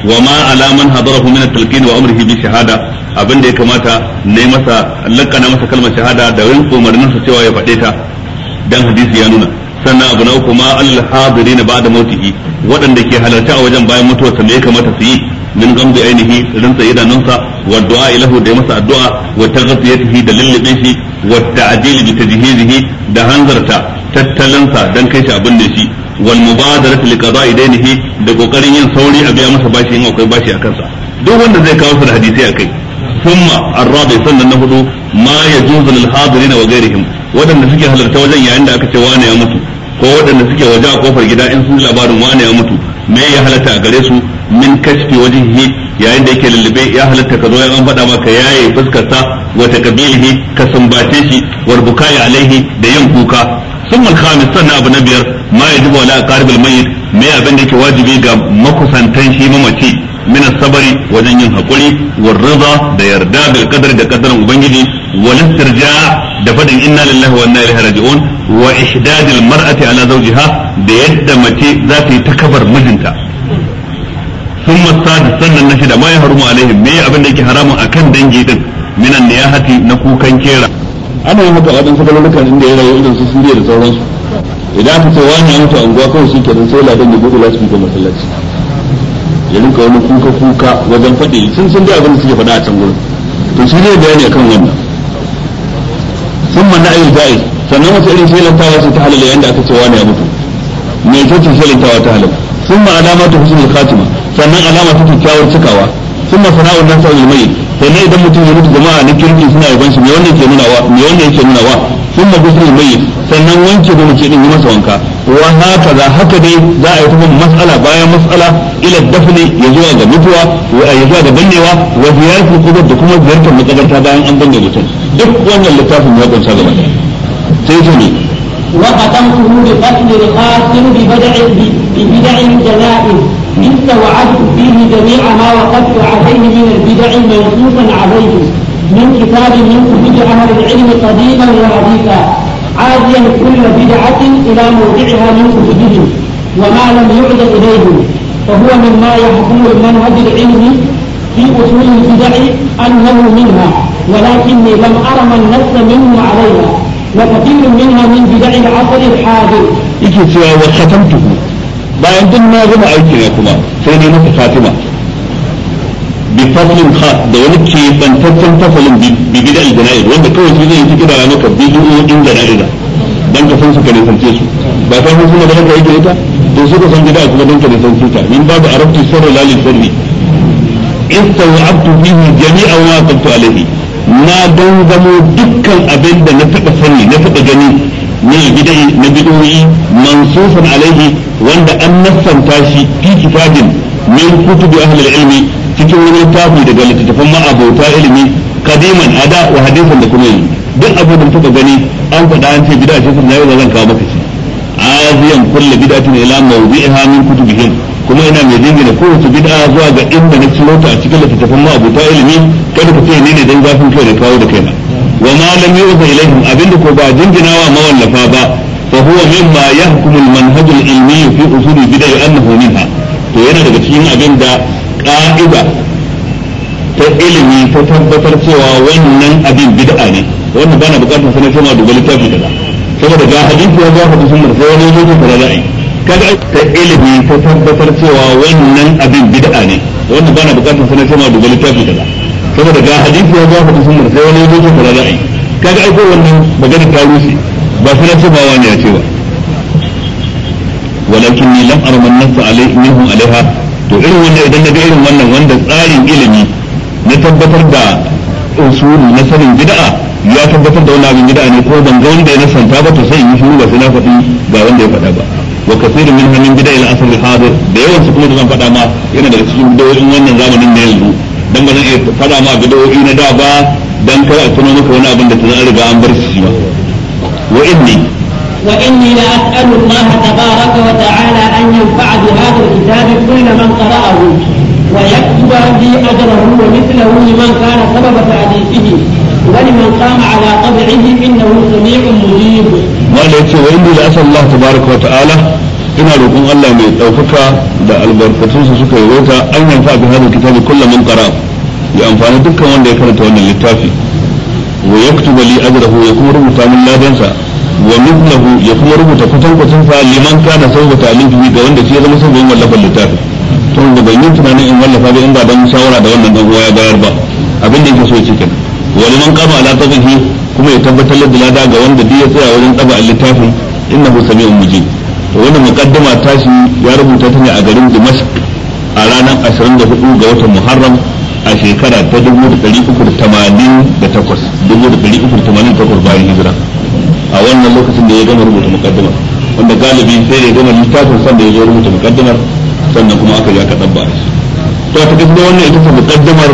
wa ma ala man hadarahu min talqin wa amrihi bi shahada abinda ya kamata ne masa lakkana masa kalmar shahada da yin umarnin sa cewa ya fade ta dan hadisi ya nuna sannan abu na uku ma na ba ba'da mautihi waɗanda ke halarta a wajen bayan mutuwarsa me ya kamata su yi min gamdi ainihi rinsa idanunsa wa du'a ilahu da masa addu'a wa taghtiyatihi da lullube shi wa ta'dil bi tajhizihi da hanzarta tattalinsa dan kai shi abin da shi wal mubadarat li qada'i dainihi da kokarin yin sauri a biya masa bashi in akwai bashi a kansa duk wanda zai kawo su da hadisi akai ثم الرابع سنة نهض ما يجوز للحاضرين وغيرهم ودن da هل ce wa أكتوان يا متو ko waɗanda suke waje a kofar gida in sun labarin wane ya mutu me ya halatta a gare su min kashfi wajhihi yayin da yake lullube ya halatta ka zo ya an faɗa maka yaye fuskarsa wa takabilihi ka sumbace shi wal bukai alaihi da yin kuka summa al-khamis sannan abu na biyar ma yajibu ala aqaribil mayyit me abin da yake wajibi ga makusantan shi mamaci min sabari wajen yin hakuri war rida da yarda bil qadar da qadarin ubangiji wal istirja da fadin inna lillahi wa inna ilaihi raji'un wa ihdadil mar'ati ala zawjiha da yadda mace za ta yi takabar mijinta thumma sadu sannan na da ma ya harumu alaihim me abin da yake haramun akan dangi din minan na kukan kera ana yin haka wadansu galukan inda ya rayu irin su suriya da sauransu idan aka ce wani ya mutu anguwa kawai shi kenan sai ladan ya gudu lasu masallaci ya wani kuka kuka wajen faɗi sun abin da a can gurin to ne bayani akan wannan sun manna ayyul ja'iz sannan wata irin shelantawa ce ta halala yanda aka ce wani ya mutu mai kyautar shelantawa ta halala sun ma alama ta husnul khatima sannan alama ta kyakkyawar cikawa sun ma sana'ar nasa ilmai sannan idan mutum ya mutu jama'a na kirki suna yaban shi me wannan ke nunawa me wannan yake nunawa sun ma gusul mai sannan wanke da mace din yi masa wanka وهكذا هكذا ذا يكون مسألة بايا مسألة إلى الدفن يزوى ذا مفوى ويزوى ذا بنيوى وزيارة القبر دكما زيارة المتقر تابعا أن بني لتن دك وان اللتاف المهد وصالة مدى سيسوني وقتمته لقتل الخاسر ببدع ببدع جنائز إن استوعدت فيه جميع ما وقفت عليه من البدع منصوصا عليه من كتاب من كتب أهل العلم قديما وحديثا عاديا كل بدعة إلى موضعها من كتبه وما لم يعد إليهم فهو مما يحكم المنهج العلمي في أصول البدع أنه منها ولكني لم أر من نفس منه عليها وكثير منها من بدع العصر الحاضر. يجي وختمته. بعد ما غنى أيتنا كما سيدي خاتمه بفصل خاص ده wani keɓantaccen fasalin bibida aljana'iz wanda kawai shi zai yi kira ranar bidiyoyin jana'iza dan ka san su ka nisance su ba ta suna da haka yake ita to su ka san gida kuma dan ka nisance ta min babu arabtu sharri la lil sharri istawabtu bihi jami'an wa qadtu alayhi na dan dukkan abinda da na taɓa sani na taɓa gani na bidai na bidoyi mansusan alaihi wanda an nassanta shi fi kitabin min kutubi ahli ilmi cikin wani littafi daga littattafan ma'abota ilimi kadiman ada wa hadisan da kuma yi. duk abin da kuka gani an faɗa an ce bid'a ce sun yau zan kawo maka shi aziyan kullu bid'atin ila mawdi'iha min kutubihim kuma ina mai dingina kowace bid'a zuwa ga inda na ciro ta a cikin littattafan ma'abota ilimi kada ku ce ni ne dan zafin kai da kawo da kaina wa ma lam yu'za ilaihim abinda ko ba wa mawallafa ba fa min mimma yahkumu al-manhaj al-ilmi fi usul al-bid'a annahu minha to yana daga cikin abin da ka'ida ta ilimi ta tabbatar cewa wannan abin bid'a ne wannan bana bukatar sanar littafi hadisi ya zafa da sai wani kaga ta ilimi ta tabbatar cewa wannan abin bid'a ne wannan bana bukatar sanar littafi hadisi ya zafa da sai wani kaga wannan magana ta rushe ba sanar wani ya ce ba to irin wanda idan na ga irin wannan wanda tsarin ilimi na tabbatar da usuli na sanin bid'a ya tabbatar da wani abin bid'a ne ko ban ga wanda ya nasanta ba to sai in yi shiru ba sai na faɗi ga wanda ya faɗa ba wa kasiru min hannun gida ila asr hadir da yawan su kuma da zan faɗa ma yana daga cikin bid'o'in wannan zamanin na yanzu dan ba zan iya faɗa ma bid'o'i na da ba dan kar a tuno maka wani abin da zan riga an bar shi ba wa inni وإني لأسأل الله تبارك وتعالى أن ينفع بهذا الكتاب كل من قرأه ويكتب لي أجره ومثله لمن كان سبب تأليفه ولمن قام على طبعه إنه سميع مجيب. مالك وإني لأسأل الله تبارك وتعالى ina roƙon Allah mai ɗaukaka da albarkatunsa suka yi wata an yanfa bi hadin kitabi kullum man qara ya amfani dukkan wanda ya karanta wannan littafi wa yaktuba li ajrahu ya kuma rubuta min ladansa wa mithlahu ya kuma rubuta kwatankwacin sa liman kana sauka talifi ga wanda shi ya zama sauka yin wallafa littafin to da ban yi tunanin in wallafa ba in ba dan shawara da wannan dan ya bayar ba abin da yake so cikin wani man kama ala tabihi kuma ya tabbatar da lada ga wanda duk ya tsaya wajen tsaba littafin innahu sami'un mujib to wannan muqaddama tashi ya rubuta ta ne a garin Dimashq a ranar 24 ga watan Muharram a shekara ta 1388 bayan hijira a wannan lokacin da ya gama rubuta mukaddimar wanda galibi sai da ya gama littafin sanda ya zo rubuta mukaddimar sannan kuma aka yi aka ɗabba a shi to ta kasance wannan ita ce mukaddimar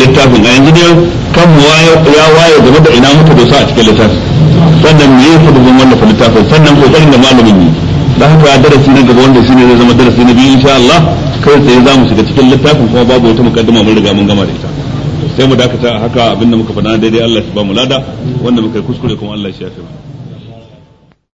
littafin a yanzu dai kan ya waye game da ina muka dosa a cikin littafin sannan me yake da wannan wallafa littafin sannan kokarin da malamin yi da haka darasi na gaba wanda shine zai zama darasi na biyu insha Allah kai sai za mu shiga cikin littafin kuma babu wata mukaddima mun riga mun gama da ita sai mu dakata a haka abinda muka faɗa daidai Allah shi ba mu lada wanda muka yi kuskure kuma Allah ya shafe